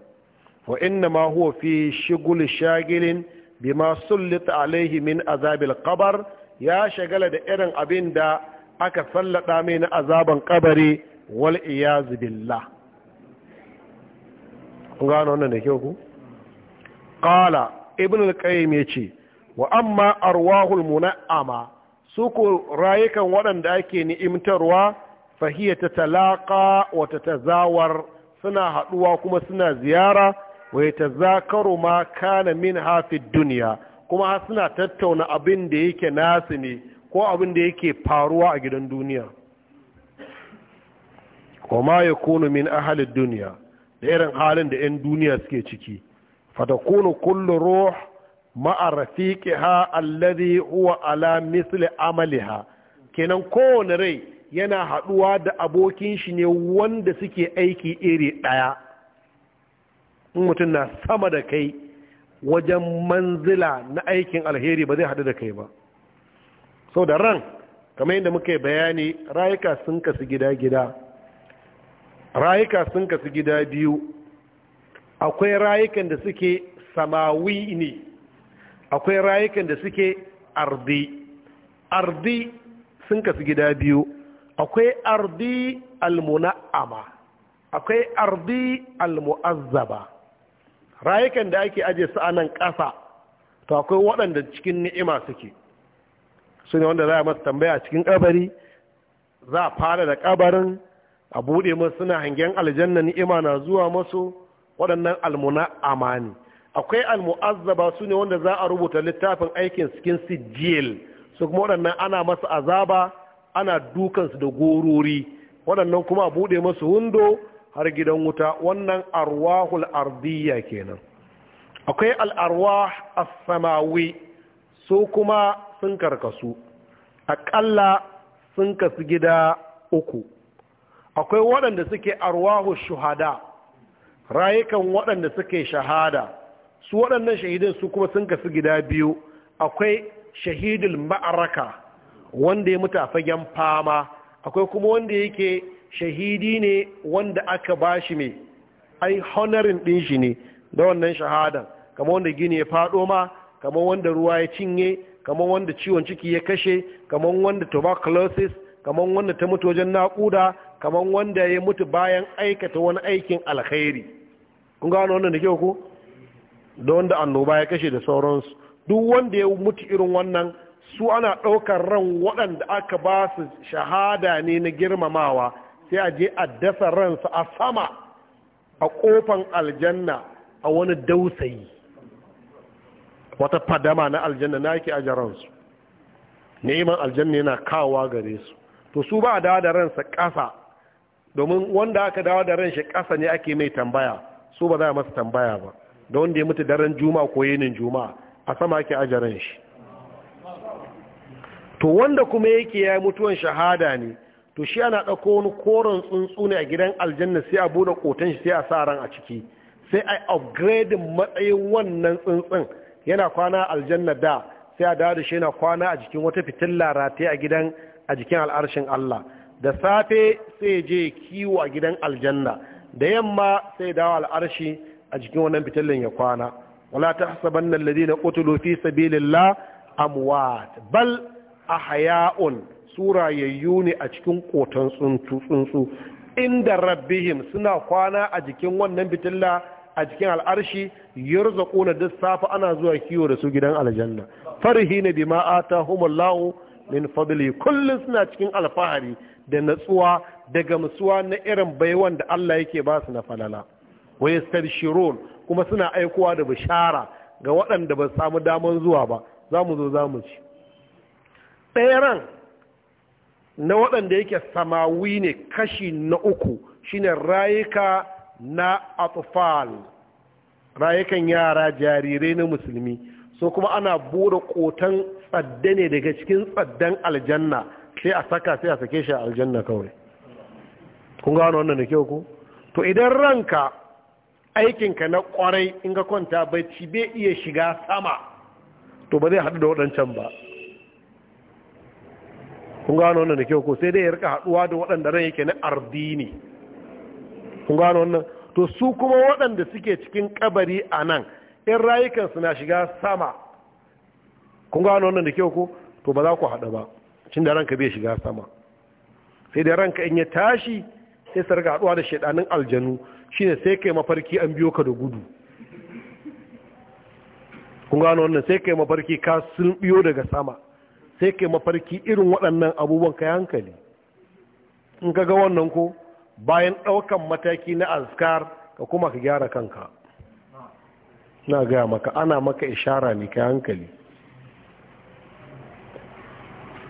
wa inna ma huwa fi shugul shagilin bima sullita alaihi min azabil qabar ya shagala da irin abin da aka sallada mai na azaban kabari wal iyaz billah kun gano wannan da kyau ku qala ibn al-qayyim yace wa amma arwahul muna'ama su ko rayukan waɗanda ake ni'imtarwa fahiya ta talaka wa ta tazawar suna haɗuwa kuma suna ziyara wa tazakaru ma kana min hafi duniya? kuma suna tattauna abin da yake nasu ne ko abin da yake faruwa a gidan duniya kuma ya kunu min ahalin duniya da irin halin da 'yan duniya suke ciki fatakunu kullu ruh ki ha alladhi huwa ala misli amaliha kenan kowane rai yana haɗuwa da abokin shi ne wanda suke aiki iri ɗaya in mutum na sama da kai wajen manzila na aikin alheri ba zai haɗu da kai ba sau da ran kamar yadda muka yi bayani rayuka sun kasu gida-gida rayuka sun kasu gida biyu akwai rayukan da suke samawi ne akwai rayukan da suke ardi ardi sun kasu gida biyu akwai ardi almuna'ama akwai ardi almu'azzaba rayukan da ake aje su a nan ƙasa to akwai waɗanda cikin ni'ima suke su ne wanda za a masu tambaya cikin ƙabari za a fara da ƙabarin a buɗe masu suna hangen aljanna ni'ima na zuwa masu waɗannan almuna amani akwai almu'azzaba su ne wanda za a rubuta littafin aikin cikin sijil su kuma waɗannan ana masu azaba ana dukansu da gorori waɗannan kuma a buɗe masu hundo har gidan wuta wannan arwahul ardiyya kenan akwai al'arwah as-samawi su kuma sun karkasu aƙalla sun kasu gida uku akwai waɗanda suke arwahu shuhada rayukan waɗanda suke shahada su waɗannan shahidin su kuma sun kasu gida biyu akwai shahidul ma'araka wanda ya mutu a fama akwai kuma wanda yake shahidi ne wanda aka ba shi mai ai honorin din shi ne da wannan shahadan kamar wanda gini ya faɗo ma kamar wanda ruwa ya cinye kamar wanda ciwon ciki ya kashe kamar wanda tuberculosis kamar wanda ta mutu wajen naƙuda kamar wanda ya mutu bayan aikata wani aikin alkhairi kun gano wannan da kyau ko da wanda annoba ya kashe da sauransu duk wanda ya mutu irin wannan su ana ɗaukar ran waɗanda aka ba su shahada ne na girmamawa sai a je a dasa ransa a sama a kofan aljanna a wani dausayi wata fadama na aljanna na yake aje neman aljanna yana kawowa gare su to su ba a dawa da ransa ƙasa domin wanda aka dawa da ransa kasa ne ake mai tambaya su ba za a masa tambaya ba da wanda ya mutu daren juma ko yinin juma a sama ake aje ranshi to wanda kuma yake ya mutuwan shahada ne to shi ana ɗauko wani koren tsuntsu ne a gidan aljanna sai a buɗe kotan shi sai a sa ran a ciki sai a upgrade matsayin wannan tsuntsun yana kwana aljanna da sai a dawo da shi yana kwana a jikin wata fitilla rataye a gidan a jikin al'arshin Allah da safe sai je kiwo a gidan aljanna da yamma sai dawo al'arshi a jikin wannan fitillan ya kwana wala ta tahsabanna alladhina qutilu fi sabilillah amwat bal ahya'un Surayayyu ne a cikin kotan tsuntsu inda rabbihim suna kwana a jikin wannan bitilla a cikin al'arshi kuna duk safa ana zuwa kiwo da su gidan aljanna bi ma'ata atahumullahu min fadli kullum suna cikin alfahari da natsuwa daga gamsuwa na irin baiwan da Allah yake ba su na falala wa yastabshirun kuma suna aikowa da bishara ga waɗanda ba samu daman zuwa ba za mu zo za mu ci ɗaya na waɗanda yake samawi ne kashi na uku shine rayuka na atufal rayukan yara jarirai na musulmi so kuma ana bude ƙotan tsadda ne daga cikin tsaddan aljanna sai a saka sai a sake shi aljanna kawai kun gano wannan da kyau ku to idan ranka aikinka na kwarai in ga kwanta ci bai iya shiga sama to ba zai haɗu da waɗancan ba kun gano wannan da kyau ko sai dai ya rika haduwa da waɗanda ran yake na ardini kun gano wannan to su kuma waɗanda suke cikin kabari a nan in rayukansu na shiga sama kun gano wannan da kyau ko to ba za ku haɗa ba cin da ranka bai shiga sama sai da ranka in ya tashi sai su rika haɗuwa da shaidanin aljanu shine sai kai mafarki an biyo ka da gudu kun gano wannan sai kai mafarki ka sun biyo daga sama sai kai mafarki irin waɗannan abubuwan kai hankali in ka ga wannan ko bayan ɗaukan mataki na azkar ka kuma ka gyara kanka na gaya maka ana maka ishara ne kai hankali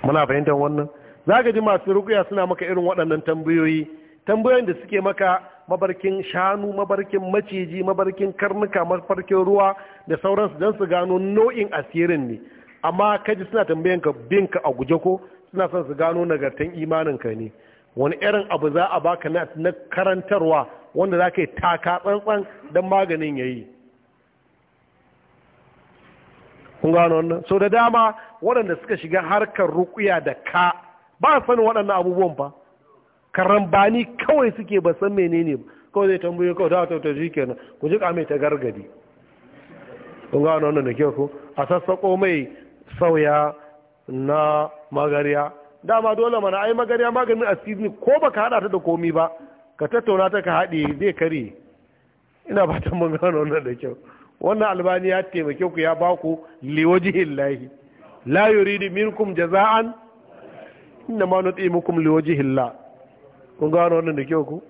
muna fahimtar wannan za ka ji masu rukuya suna maka irin waɗannan tambayoyi tambayoyin da suke maka mabarkin shanu mabarkin maciji mabarkin karnuka mafarkin ruwa da sauransu don su gano nau'in asirin ne amma kaji suna tambayan ka bin ka a guje ko suna son su gano nagartan imanin ka ne wani irin abu za a baka na karantarwa wanda za ka yi taka tsantsan don maganin ya yi kun gano wannan so da dama waɗanda suka shiga harkar rukuya da ka ba sanin waɗannan abubuwan ba karambani kawai suke ba san menene ba kawai zai tambaye kawai da ta shi kenan ku ji ka mai ta gargadi kun gano wannan da kyau ko a sassaƙo mai sauya na magariya dama dole mana ai magariya maganin asiri ko baka hada ta da komi ba ka tattauna ta ka haɗe zai kare ina ba ta mun gano wannan da kyau wannan albani ya taimake ku ya ba ku liwajihin lahi la yuridu minkum jaza'an inna ma nutimukum liwajihin la kun gano wannan da kyau ku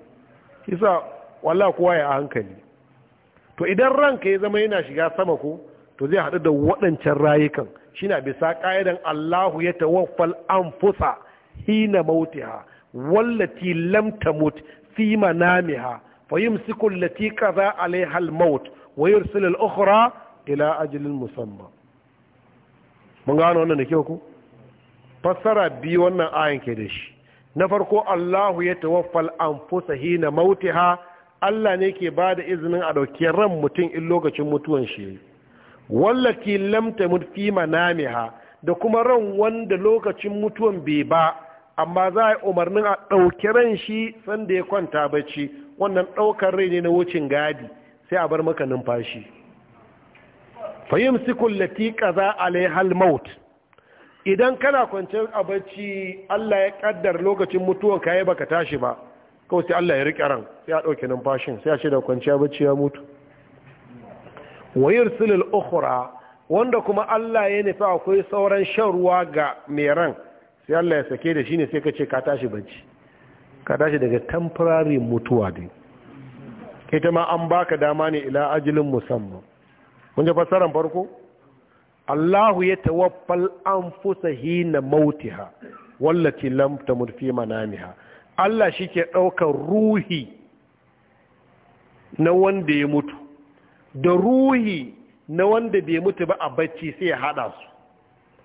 kisa wallahi kowa ya hankali to idan ranka ya zama yana shiga sama ku to zai haɗu da waɗancan rayukan shine bisa ƙa'idan Allahu ya tawaffal anfusa hina mautiha wallati lam tamut fi manamiha fayumsiku allati qada alaiha al-maut wa yursilu al-ukhra ila ajalin musamma mun gano wannan da kyau fassara biyu wannan ayan ke da shi na farko Allahu ya tawaffal anfusa hina mautiha Allah ne ke bada izinin a ɗauki ran mutum in lokacin mutuwan shi wallati lamta tamut fi manamiha da kuma ran wanda lokacin mutuwan bai ba amma za a yi umarnin a ɗauki ran shi sanda ya kwanta bacci wannan ɗaukar rai ne na wucin gadi sai a bar maka numfashi fahim sikul lati kaza alaihal maut idan kana kwanciyar a bacci Allah ya kaddar lokacin mutuwan ka yi baka tashi ba kawai sai Allah ya riƙe ran sai a ɗauki numfashin sai a ce da kwanciya bacci ya mutu wa yursilul ukhra wanda kuma Allah ya nufi akwai sauran shan ruwa ga meran sai Allah ya sake da shi ne sai ka ce ka tashi bacci ka tashi daga temporary mutuwa dai ita ma an baka dama ne ila ajilin musamman mun ji fassarar farko Allahu ya tawaffal anfusa hina mautiha wallati lam tamut fi manamiha Allah shike daukar ruhi na wanda ya mutu da ruhi na wanda bai mutu ba a bacci sai ya haɗa su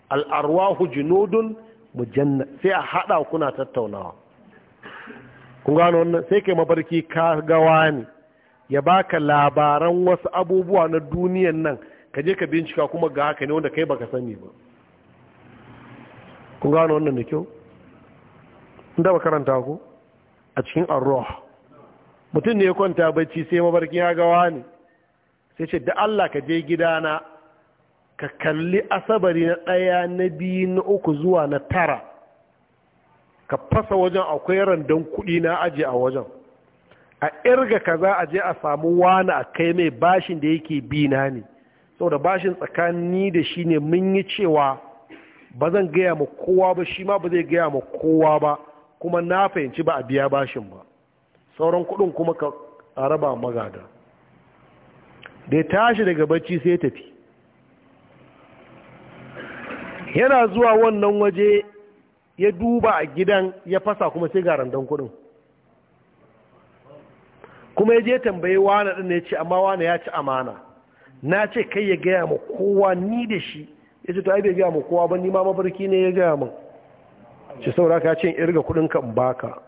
al'arwahu junudun mujanna sai a haɗa kuna tattaunawa kun gano wannan sai kai mabarki ka gawa ne ya baka labaran wasu abubuwa na duniyan nan ka je ka bincika kuma ga haka ne wanda kai baka sani ba kun gano wannan da kyau inda ba karanta ku a cikin arroh mutum ne ya kwanta bacci sai mabarki ya gawa ne sai ce da Allah ka je gidana ka kalli asabari na ɗaya na biyu na uku zuwa na tara ka fasa wajen akwai randon kuɗi na aji a wajen a irga za a je a samu wani a kai mai bashin da yake bi na ne saboda bashin tsakani da shi ne mun yi cewa ba zan gaya ma kowa ba shi ma ba zai gaya ma kowa ba kuma na fahimci ba a biya bashin ba sauran kuɗin kuma ka raba magada da ya tashi daga bacci sai tafi yana zuwa wannan waje ya duba a gidan ya fasa kuma sai ga randan kudin kuma ya je tambaye wane din ya ce amma wane ya ci amana na ce kai ya gaya ma kowa ni da shi ya ce to ai bai gaya ma kowa ba ni ma mafarki ne ya gaya min ci saura ka ce in irga kudin ka in baka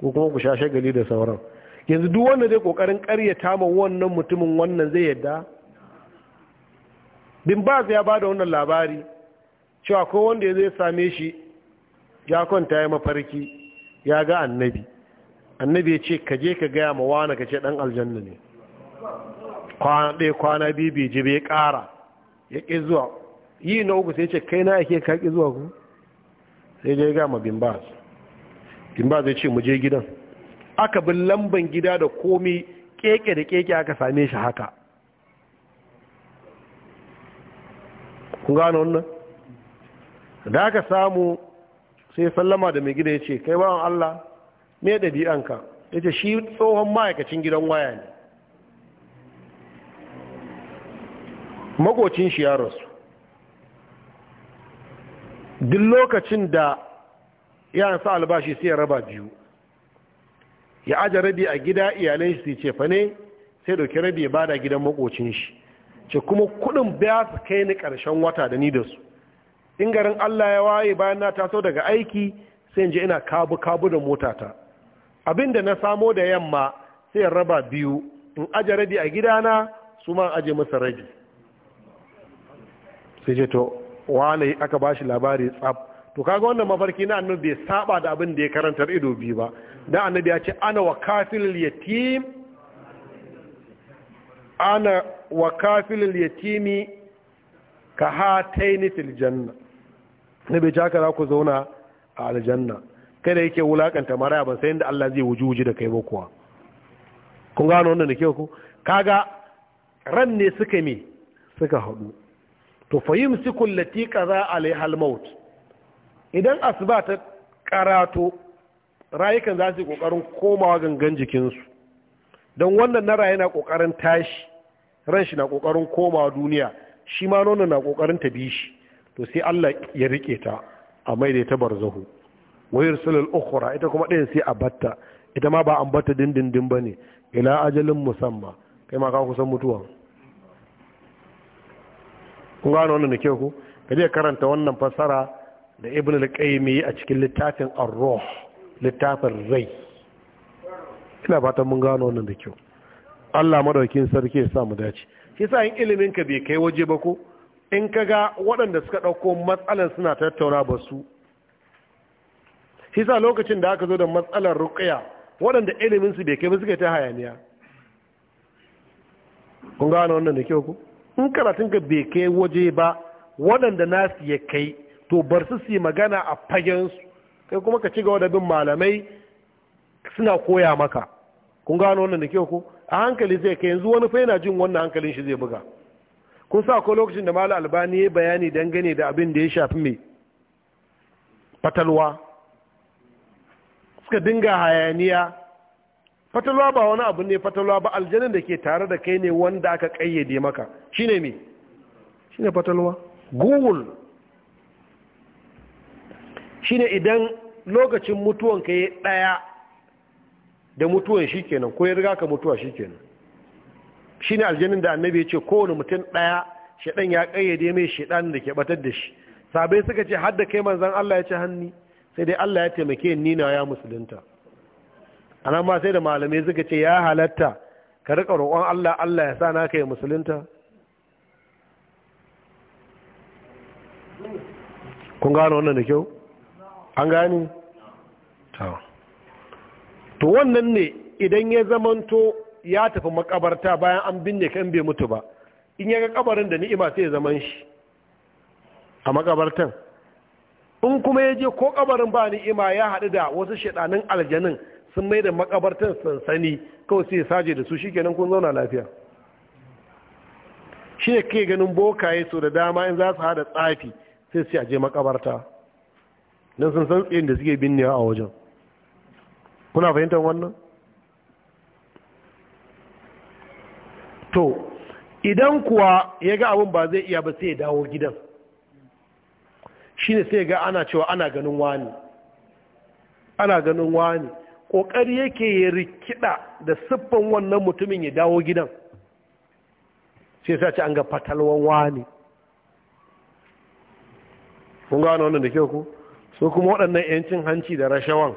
ko kuma ku sha shagali da sauran yanzu duk wanda zai kokarin karyata ma wannan mutumin wannan zai yadda bin ba ya bada wannan labari cewa ko wanda ya zai same shi ya kwanta ya mafarki ya ga annabi annabi ya ce ka je ka gaya ma wani ka ce dan aljanna ne kwana ɗaya kwana biyu bai je bai ƙara ya ƙi zuwa yi na uku sai ce kai na ake ka ƙi zuwa ku sai je ga ma bin ba bin ba zai ce mu je gidan aka bin lamban gida da komi keke da keke aka same shi haka kun gano wannan da aka samu sai sallama da mai gida ya ce kai bawan Allah me ɗabi'anka ya ce shi tsohon ma'aikacin gidan waya ne magocin shi ya rasu duk lokacin da yaran sa albashi sai ya raba biyu ya aje rabi a gida iyalai su ce fa ne sai dauki rabi ya bada gidan makocin shi ce kuma kudin ba su kai ni karshen wata da ni da su in garin Allah ya waye bayan na taso daga aiki sai in je ina kabu kabu da motata abinda na samo da yamma sai in raba biyu in aje rabi a gidana su ma aje masa rabi sai ce to wane aka bashi labari tsab to kaga wannan mafarki na annabi bai saba da abin da ya karanta ido biyu ba da annabi ya ce ana wa kafin yatim ana wa yatimi ka hataini fil janna nabi ja ka za ku zauna a aljanna kada yake wulakanta maraya ban sai inda Allah zai wujuji da kai ba kuwa kun gano wannan da ke ku kaga ran ne suka mi suka hadu to fahim sikul lati kaza alaiha maut idan asba ta karato rayukan za su yi ƙoƙarin komawa gangan jikinsu don wannan na rayu na ƙoƙarin tashi ran shi na kokarin komawa duniya shi ma nonon na kokarin ta bi shi to sai Allah ya rike ta a mai da ta barzahu wayar sulul ukhra ita kuma din sai a batta ita ma ba an batta dindindin ba ne ila ajalin musamma kai ma ka kusan mutuwa kun gano wannan da kyau ku ka je karanta wannan fassara da ibnul al a cikin littafin ar-ruh littafin rai ina fatan mun gano wannan da kyau Allah madaukin sarki ya sa mu dace shi sa in ilimin ka bai kai waje ba ko in ka ga waɗanda suka ɗauko matsalar suna tattauna ba su shi sa lokacin da aka zo da matsalar ruqya waɗanda ilimin su bai kai ba suka ta hayaniya kun gano wannan da kyau ko in karatun ka bai kai waje ba waɗanda nasu ya kai to bar su su yi magana a fagen su kai kuma ka ci gaba da bin malamai suna koya maka kun gano wannan da kyau ko a hankali zai kai yanzu wani fai yana jin wannan hankalin shi zai buga kun sa ko lokacin da malam albani ya bayani dangane da abin da ya shafi mai fatalwa suka dinga hayaniya fatalwa ba wani abu ne fatalwa ba aljanin da ke tare da kai ne wanda aka kayyade maka shine me shine fatalwa google shine idan lokacin mutuwanka ya ɗaya da mutuwan shi kenan ko ya riga ka mutuwa shi kenan shi ne aljanin da annabi ya ce kowane mutum ɗaya shaɗan ya ƙayyade mai shaɗan da ke ɓatar da shi sabai suka ce har da kai manzan Allah ya ci hannu sai dai Allah ya taimake nina na ya musulunta nan ma sai da malamai suka ce ya halatta ka riƙa roƙon Allah Allah ya sa na kai musulunta kun gano wannan da kyau an gani to wannan ne idan ya zamanto ya tafi makabarta bayan an binne kan bai mutu ba in ya ga kabarin da ni'ima sai ya zaman shi a makabartan in kuma ya je ko kabarin ba ni'ima ya haɗu da wasu shaɗanin aljanin sun mai da makabartan sansani kawai sai saje da su shikenan kun zauna lafiya shi ne ke ganin bokaye so da dama in za su haɗa tsafi sai su je makabarta don sun san tsayin da suke binnewa a wajen kuna fahimtar wannan to idan kuwa ya ga abin ba zai iya ba sai ya dawo gidan shine sai ga ana cewa ana ganin wani ana ganin wani ƙoƙari yake ya rikida da siffan wannan mutumin ya dawo gidan sai sa ce an ga fatalwan wani kun gano wannan da kyau ku su kuma waɗannan 'yancin hanci da rashawan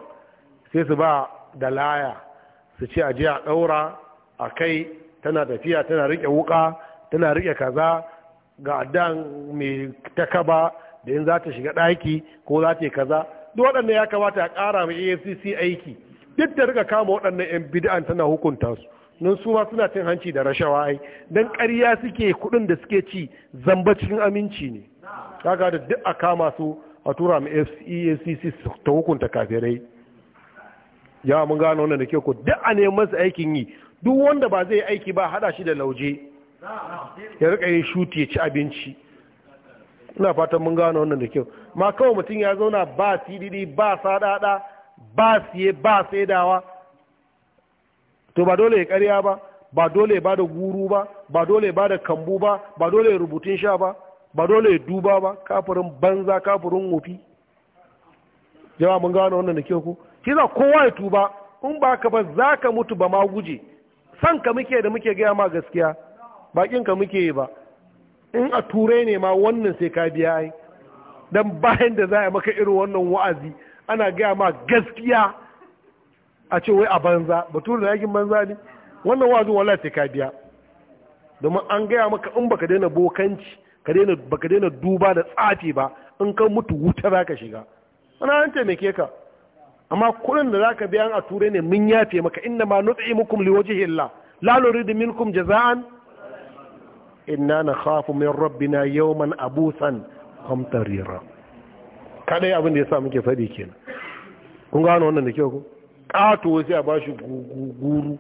sai su ba da laya su ce ji a ɗaura a kai tana tafiya tana riƙe wuka tana riƙe kaza ga adan mai takaba da in za ta shiga ɗaki ko za ta yi kaza duk waɗannan ya kamata a ƙara mai afcc aiki duk da rika kama waɗannan 'yan bid'an tana hukunta su nan su ma suna cin hanci da rashawa ai dan ƙarya suke kuɗin da suke ci zamba cikin aminci ne kaga da duk a kama su a tura mu EACC ta hukunta kafirai ya mun gano wannan da ke ku duk a neman aikin yi duk wanda ba zai aiki ba hada shi da lauje ya rika yin shuti ya ci abinci ina fatan mun gano wannan da kyau ma kawai mutum ya zauna ba tididi ba sadada ba siye ba saidawa to ba dole ya karya ba ba dole ba da guru ba ba dole ba da kambu ba ba dole ya rubutun sha ba ba dole ya duba ba kafirin banza kafirin wofi jama'a mun gano wannan da ke ku shi za kowa ya tuba in ba ka ba za ka mutu ba ma guje san ka muke da muke gaya ma gaskiya bakin ka muke yi ba in a turai ne ma wannan sai ka biya ai dan bayan da za a maka irin wannan wa'azi ana gaya ma gaskiya a ce wai a banza tura da yakin banza ne wannan wa'azin wallahi sai ka biya domin an gaya maka in baka daina bokanci ka daina baka daina duba da tsafi ba in ka mutu wuta za ka shiga ana an taimake ka amma kuɗin da za zaka biya a turai ne mun yafe maka inna ma nut'imukum liwajhi Allah la da minkum jaza'an inna na min rabbina yawman abusan qamtarira kadai abin da ya sa muke fadi kenan kun gano wannan da kyau ko kato sai a bashi guru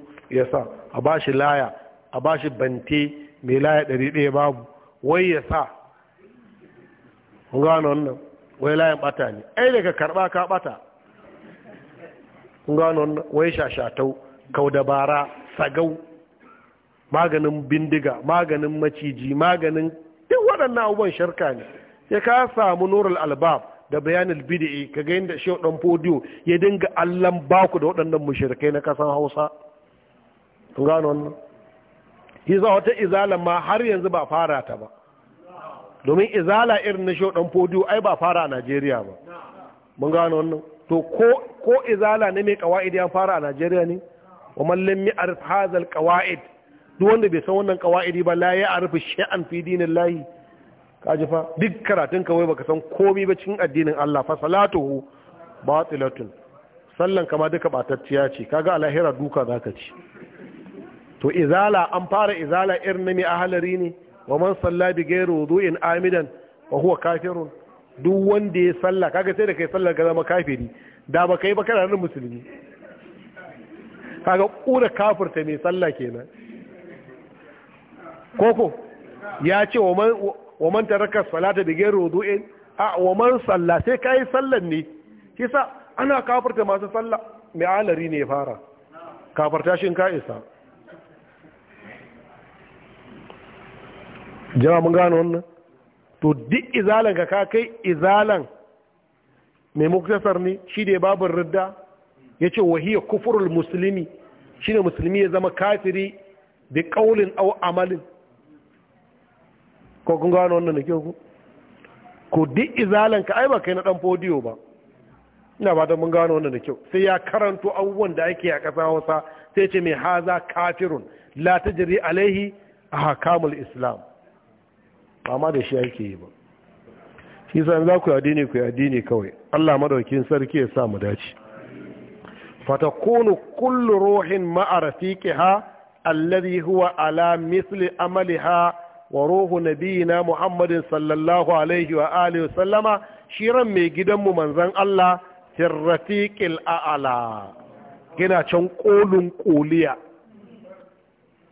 sa, a bashi laya a bashi bante mai laya ɗari ɗaya babu wai ya sa gano wannan wai layin bata ne ai daga karba ka bata gano wannan wai shashatau kau dabara sagau maganin bindiga maganin maciji maganin duk waɗannan abubuwan shirka ne sai ka samu nurul albab da bayanin bid'i ka ga inda shi ɗan fodiyo ya dinga allan baku da waɗannan mushrikai na kasan hausa gano wannan hiza wata izalan ma har yanzu ba fara ta ba domin izala irin na shodan fodiyo ai ba fara a najeriya ba mun gano wannan to ko izala ne mai kawa'id ya fara a najeriya ne wa mallin mi arif hazal kawa'id duk wanda bai san wannan kawa'idi ba la ya arifi sha'an fi dinin layi kaji fa duk karatun kawai baka san komi ba cikin addinin Allah fa salatuhu batilatun sallan kama duka batacciya ce kaga alahira duka zaka ci to izala an fara izala irin na mai ahalari ne wa man salla bi gairu wudu'in amidan wa huwa kafirun duk wanda ya salla kaga sai da kai sallar ka zama kafiri da ba kai ba kana nan musulmi kaga kura kafirta mai salla kenan koko ya ce wa man wa man taraka salata bi gairu wudu'in a wa man salla sai kai sallan ne kisa ana kafirta masu salla mai ahalari ne ya fara kafirta shin ka isa jama mun gano wannan to duk izalan ka kai izalan mai muktasar ne shi da babin ridda ya ce wahiyar kufurul musulmi shi ne musulmi ya zama kafiri da ƙaunin au amalin ko kun gano wannan da kyau ku ko duk izalan ka ai ba kai na dan fodiyo ba ina ba da mun gano wannan da kyau sai ya karanto abubuwan da ake a ƙasa Hausa sai ce mai haza kafirun la tajri alaihi ahkamul islam ba ma da shi ake yi ba shi sa za ku yi addini ku yi addini kawai Allah madaukin sarki ya sa mu dace fatakunu kullu ruhin ma'a rafiqiha alladhi huwa ala misli amaliha wa ruhu nabiyina Muhammadin sallallahu alaihi wa alihi wasallama shi shiran mai gidanmu manzon Allah sirrafiqil a'ala kina can kolin kuliya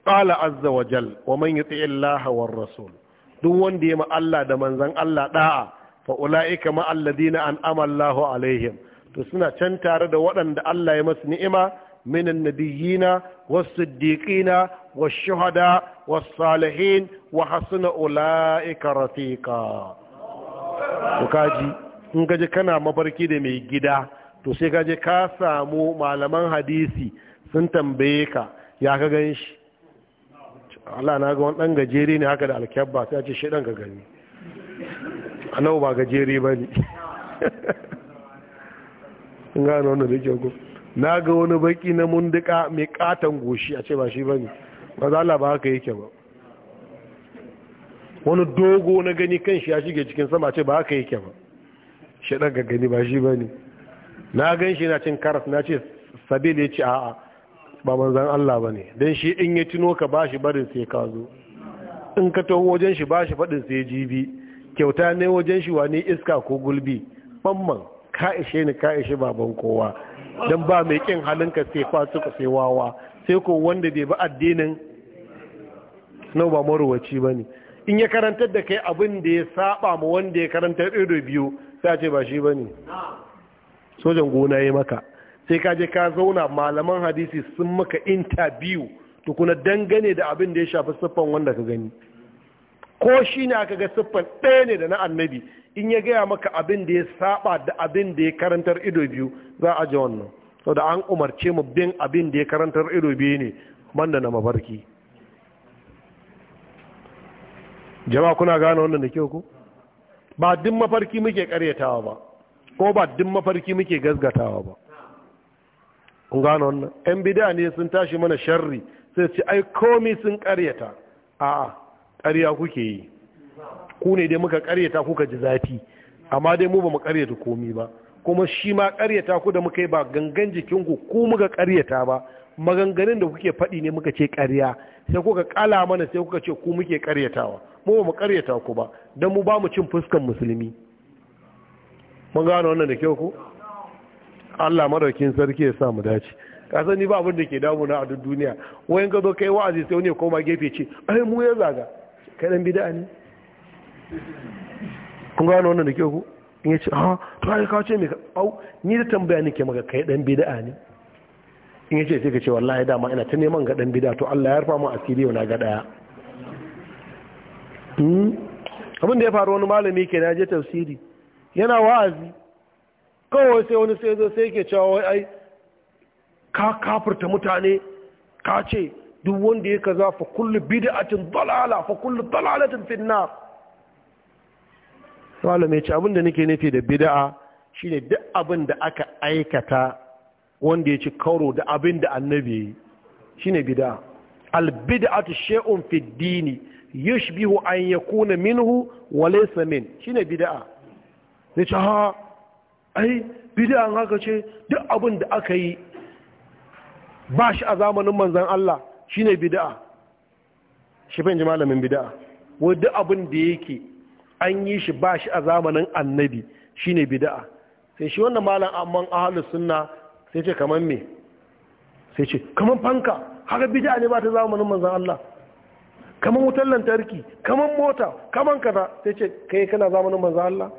qala azza wa jal wa man yuti rasul duk wanda ya ma Allah da manzan Allah da'a fa ulaika ma alladhina alaihim to suna can tare da waɗanda Allah ya masu ni'ima minan nabiyina was-siddiqina wasu shuhada was-salihin wa hasuna ulaika rafiqa to kaji in gaje kana mafarki da mai gida to sai kaje ka samu malaman hadisi sun tambaye ka ya ka gan shi Allah na ga wani ɗan gajeri ne haka da alkyabba sai a ce shaidan ga gani annabu ba gajeri ba ne in gano wani da ke ko na ga wani baki na mundika mai katon goshi a ce ba shi ba ne ba za Allah ba haka yake ba wani dogo na gani kan shi ya shige cikin sama a ce ba haka yake ba shaidan ga gani ba shi ba ne na gan shi na cin karas na ce sabili ya ce a'a ba manzan Allah ba ne don shi in ya tuno ka ba shi barin sai ka zo in ka taho wajen shi ba shi faɗin sai jibi kyauta ne wajen shi wani iska ko gulbi mamman ka ishe ni ka ishe baban kowa don ba mai kin halinka sai suka sai wawa sai ko wanda bai bi addinin nau ba maruwaci ba ne in ya karantar da kai abin da ya saba ma wanda ya karantar ido biyu sai ce ba shi ba ne sojan gona ya maka sai ka je ka zauna malaman hadisi sun maka interview kuna dangane da abin da ya shafi siffan wanda ka gani ko shi ne aka ga siffan ɗaya ne da na annabi in ya gaya maka abin da ya saba da abin da ya karantar ido biyu za a ji wannan sau da an umarce mu bin abin da ya karantar ido biyu ne banda na mafarki jama'a kuna gane wannan da kyau ku ba duk mafarki muke karyatawa ba ko ba duk mafarki muke gazgatawa ba kun gano wannan yan bida ne sun tashi mana sharri sai ce ai komi sun karyata a'a karya kuke yi ku ne dai muka karyata kuka ji zafi amma dai mu ba mu ƙaryata komi ba kuma shi ma karyata ku da muka yi ba gangan jikin ku muka karyata ba maganganun da kuke faɗi ne muka ce karya sai kuka kala mana sai kuka ce ku muke karyatawa mu ba mu karyata ku ba don mu ba mu cin fuskan musulmi mun gano wannan da kyau ku Allah madaukin sarki ya sa mu dace ka sani ba abin da ke damuna a duk duniya wayan ka zo kai wa'azi sai wani koma gefe ce ai mu ya zaga kai dan bid'a ne kun gano wannan da ke ku in ya ce ha ah, to ai ka ce me ka au ni da tambaya nake maka kai dan bid'a ne in ya ce sai ka ce wallahi dama ina ta neman ga dan bid'a to Allah ya rufa mu asiri yau na ga daya hmm? abin da ya faru wani malami ke na je tafsiri yana wa'azi kawai sai wani sai zo sai ke cewa wai ai ka kafirta mutane ka ce duk wanda ya kaza fa kullu bid'atin dalala fa kullu dalalatin nnar nar malame ce abin da nake nufi da bid'a shine duk abin da aka aikata wanda ya ci kauro da abin da annabi yi shine bid'a al bid'atu shay'un fi dini yushbihu an yakuna minhu wa laysa min shine bid'a ne ce ha ai bidiyan haka ce duk abin da aka yi ba shi a zamanin manzan Allah shi ne bida'a shi fahimci malamin bida'a wadda abin da yake an yi shi ba shi a zamanin annabi shi ne bida'a sai shi wannan malam amman ahalus sunna sai ce kamar me sai ce kamar fanka haka bida'a ne ba ta zamanin manzan Allah kamar wutar lantarki kamar mota kamar kaza sai ce kai kana zamanin manzan Allah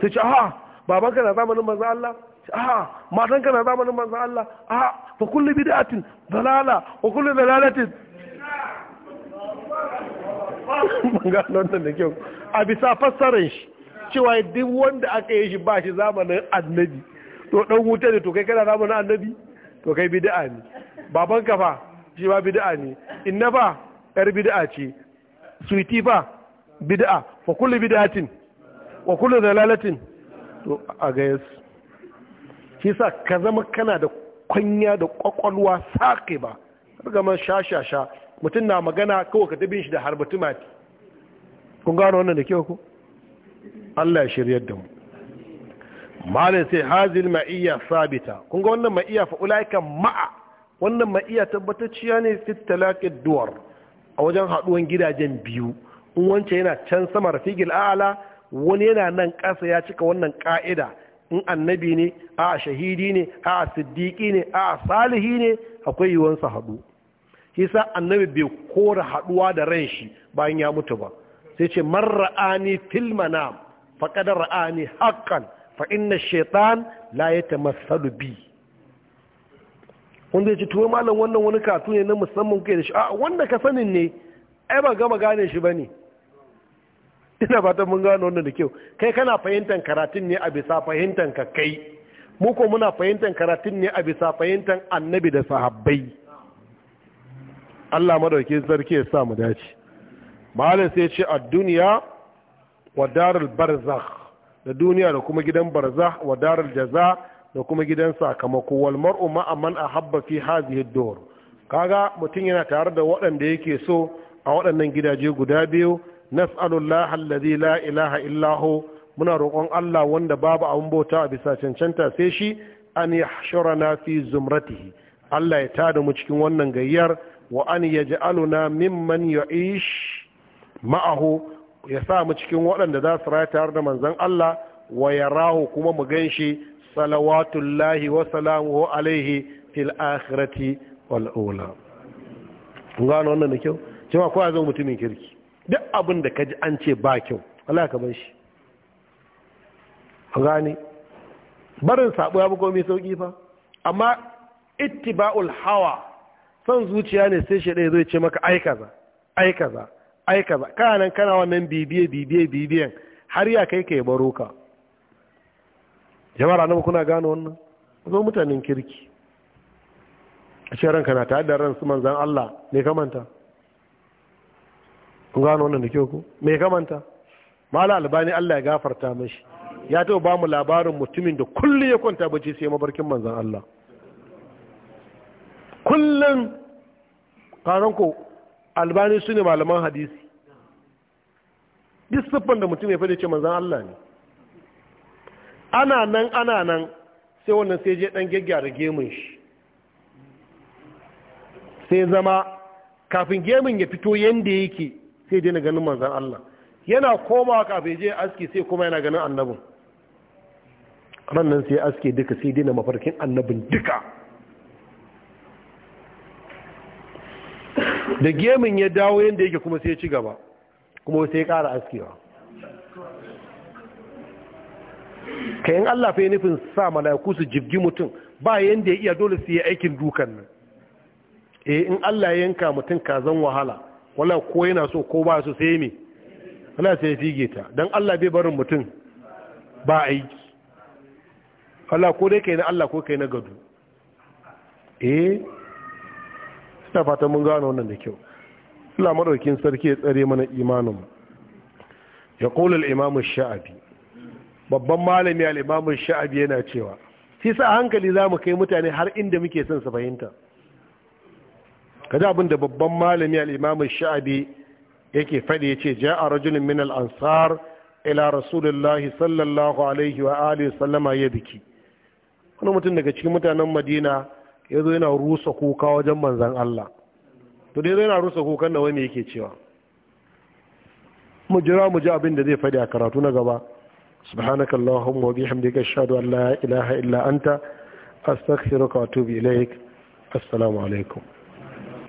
sai ce a'a babanka na zamanin manzan Allah a matanka na zamanin manzan Allah a fa kullu bid'atin dalala wa kullu dalalatin ban ga da kyau a bisa fassarar shi cewa duk wanda aka yi shi ba shi zamanin annabi to dan wuta ne to kai kana zamanin annabi to kai bid'a ne babanka fa shi ba bid'a ne inna fa yar bid'a ce suiti fa bid'a fa kullu bid'atin wa kullu dalalatin a gayas shi sa ka zama kana da kwanya da kwakwalwa sake ba gama sha-sha-sha mutum na magana kawai ka dabin shi da harba tumati kun gano wannan da kyau ku Allah ya shirya da mu malin sai hazil ma'iyya sabita kun ga wannan ma'iyya fa'ulaikan ma'a wannan ma'iyya tabbatacciya ne fit talaƙin duwar a wajen haɗuwan gidajen biyu in wance yana can sama rafiqil a'ala wani yana nan ƙasa ya cika wannan ƙa'ida in annabi ne a shahidi ne a siddiƙi ne a salihi ne akwai yiwuwansa haɗu kisa annabi bai kora haɗuwa da ran shi bayan ya mutu ba sai ce man ra'ani fil manam faqad ra'ani haqqan fa inna shaytan la yatamassalu bi wanda ya ce tuwai malam wannan wani katu ne na musamman kai da shi a wanda ka sanin ne ai ba gama gane shi ba ne. ina fatan mun gano wannan da kyau kai kana fahimtar karatun ne a bisa fahimtar ka kai mu ko muna fahimtar karatun ne a bisa fahimtar annabi da sahabbai Allah madauki sarki ya sa mu dace malam sai ce a duniya wa darul barzakh da duniya da kuma gidan barzakh wa darul jaza da kuma gidan sakamako wal mar'u ma amman ahabba fi hadhihi ad-dur kaga mutum yana tare da waɗanda yake so a waɗannan gidaje guda biyu nas'alullah alladhi la ilaha illahu muna roƙon Allah wanda babu abin bauta a bisa cancanta sai shi an yahshurana fi zumratihi Allah ya tada mu cikin wannan gayyar wa an yaj'aluna mimman yu'ish ma'ahu ya sa mu cikin waɗanda za su raya tare da manzon Allah wa yarahu kuma mu ganshi salawatullahi wa salamuhu alaihi fil akhirati wal aula kun gano wannan da kyau cewa ko a zama mutumin kirki duk abin da ka ji an ce ba kyau Allah ka bar shi gane barin sabo ya bugo mai sauki fa amma ittiba'ul hawa son zuciya ne sai shi ɗaya zai ce maka ai kaza ai kaza ai kaza kana nan kana wannan bibiye bibiye bibiyen har ya kai kai baro ka jama'a nan kuna gano wannan zo mutanen kirki a ce ranka na ta da ran su manzan Allah ne ka manta kun gano wannan da kyau ku me kamanta mala albani Allah ya gafarta mashi ya taɓa ba mu labarin mutumin da kullun ya kwanta bace sai mabarkin manzan Allah kullum ƙaranko albani su ne malaman hadisi duk da mutum ya fada ce manzan Allah ne ana nan ana nan sai wannan sai je ɗan gyaggyara gemun shi sai zama kafin gemun ya fito yanda yake sai daina ganin manzan Allah yana komawa kafin je aski sai kuma yana ganin annabin ran nan sai aske duka sai daina mafarkin annabin duka da gemin ya dawo yadda yake kuma sai ci gaba kuma sai ya kara askewa ka yin Allah fai nufin sa mala'iku su jibgi mutum ba yadda ya iya dole su yi aikin dukan nan eh, in Allah yanka mutum kazan wahala wala ko yana so ko ba su sai me wala sai fige ta dan Allah bai barin mutum ba aiki wala ko dai kai na Allah ko kai na gado eh ta fatan mun gano wannan da kyau Allah madaukin sarki ya tsare mana imanin ya qulul imam sha'abi babban malami al-imam sha'abi yana cewa sai sa hankali zamu kai mutane har inda muke son su fahimta kaji abin da babban malami al-imam sha'abi yake faɗi yace ja'a rajulun min al-ansar ila rasulullahi sallallahu alaihi wa alihi sallama biki. wani mutum daga cikin mutanen madina ya zo yana rusa kuka wajen manzan Allah to dai yana rusa kukan da wani yake cewa mu jira mu ji abin da zai faɗi a karatu na gaba subhanakallahumma wa bihamdika ashhadu an la ilaha illa anta astaghfiruka wa atubu ilaik assalamu alaikum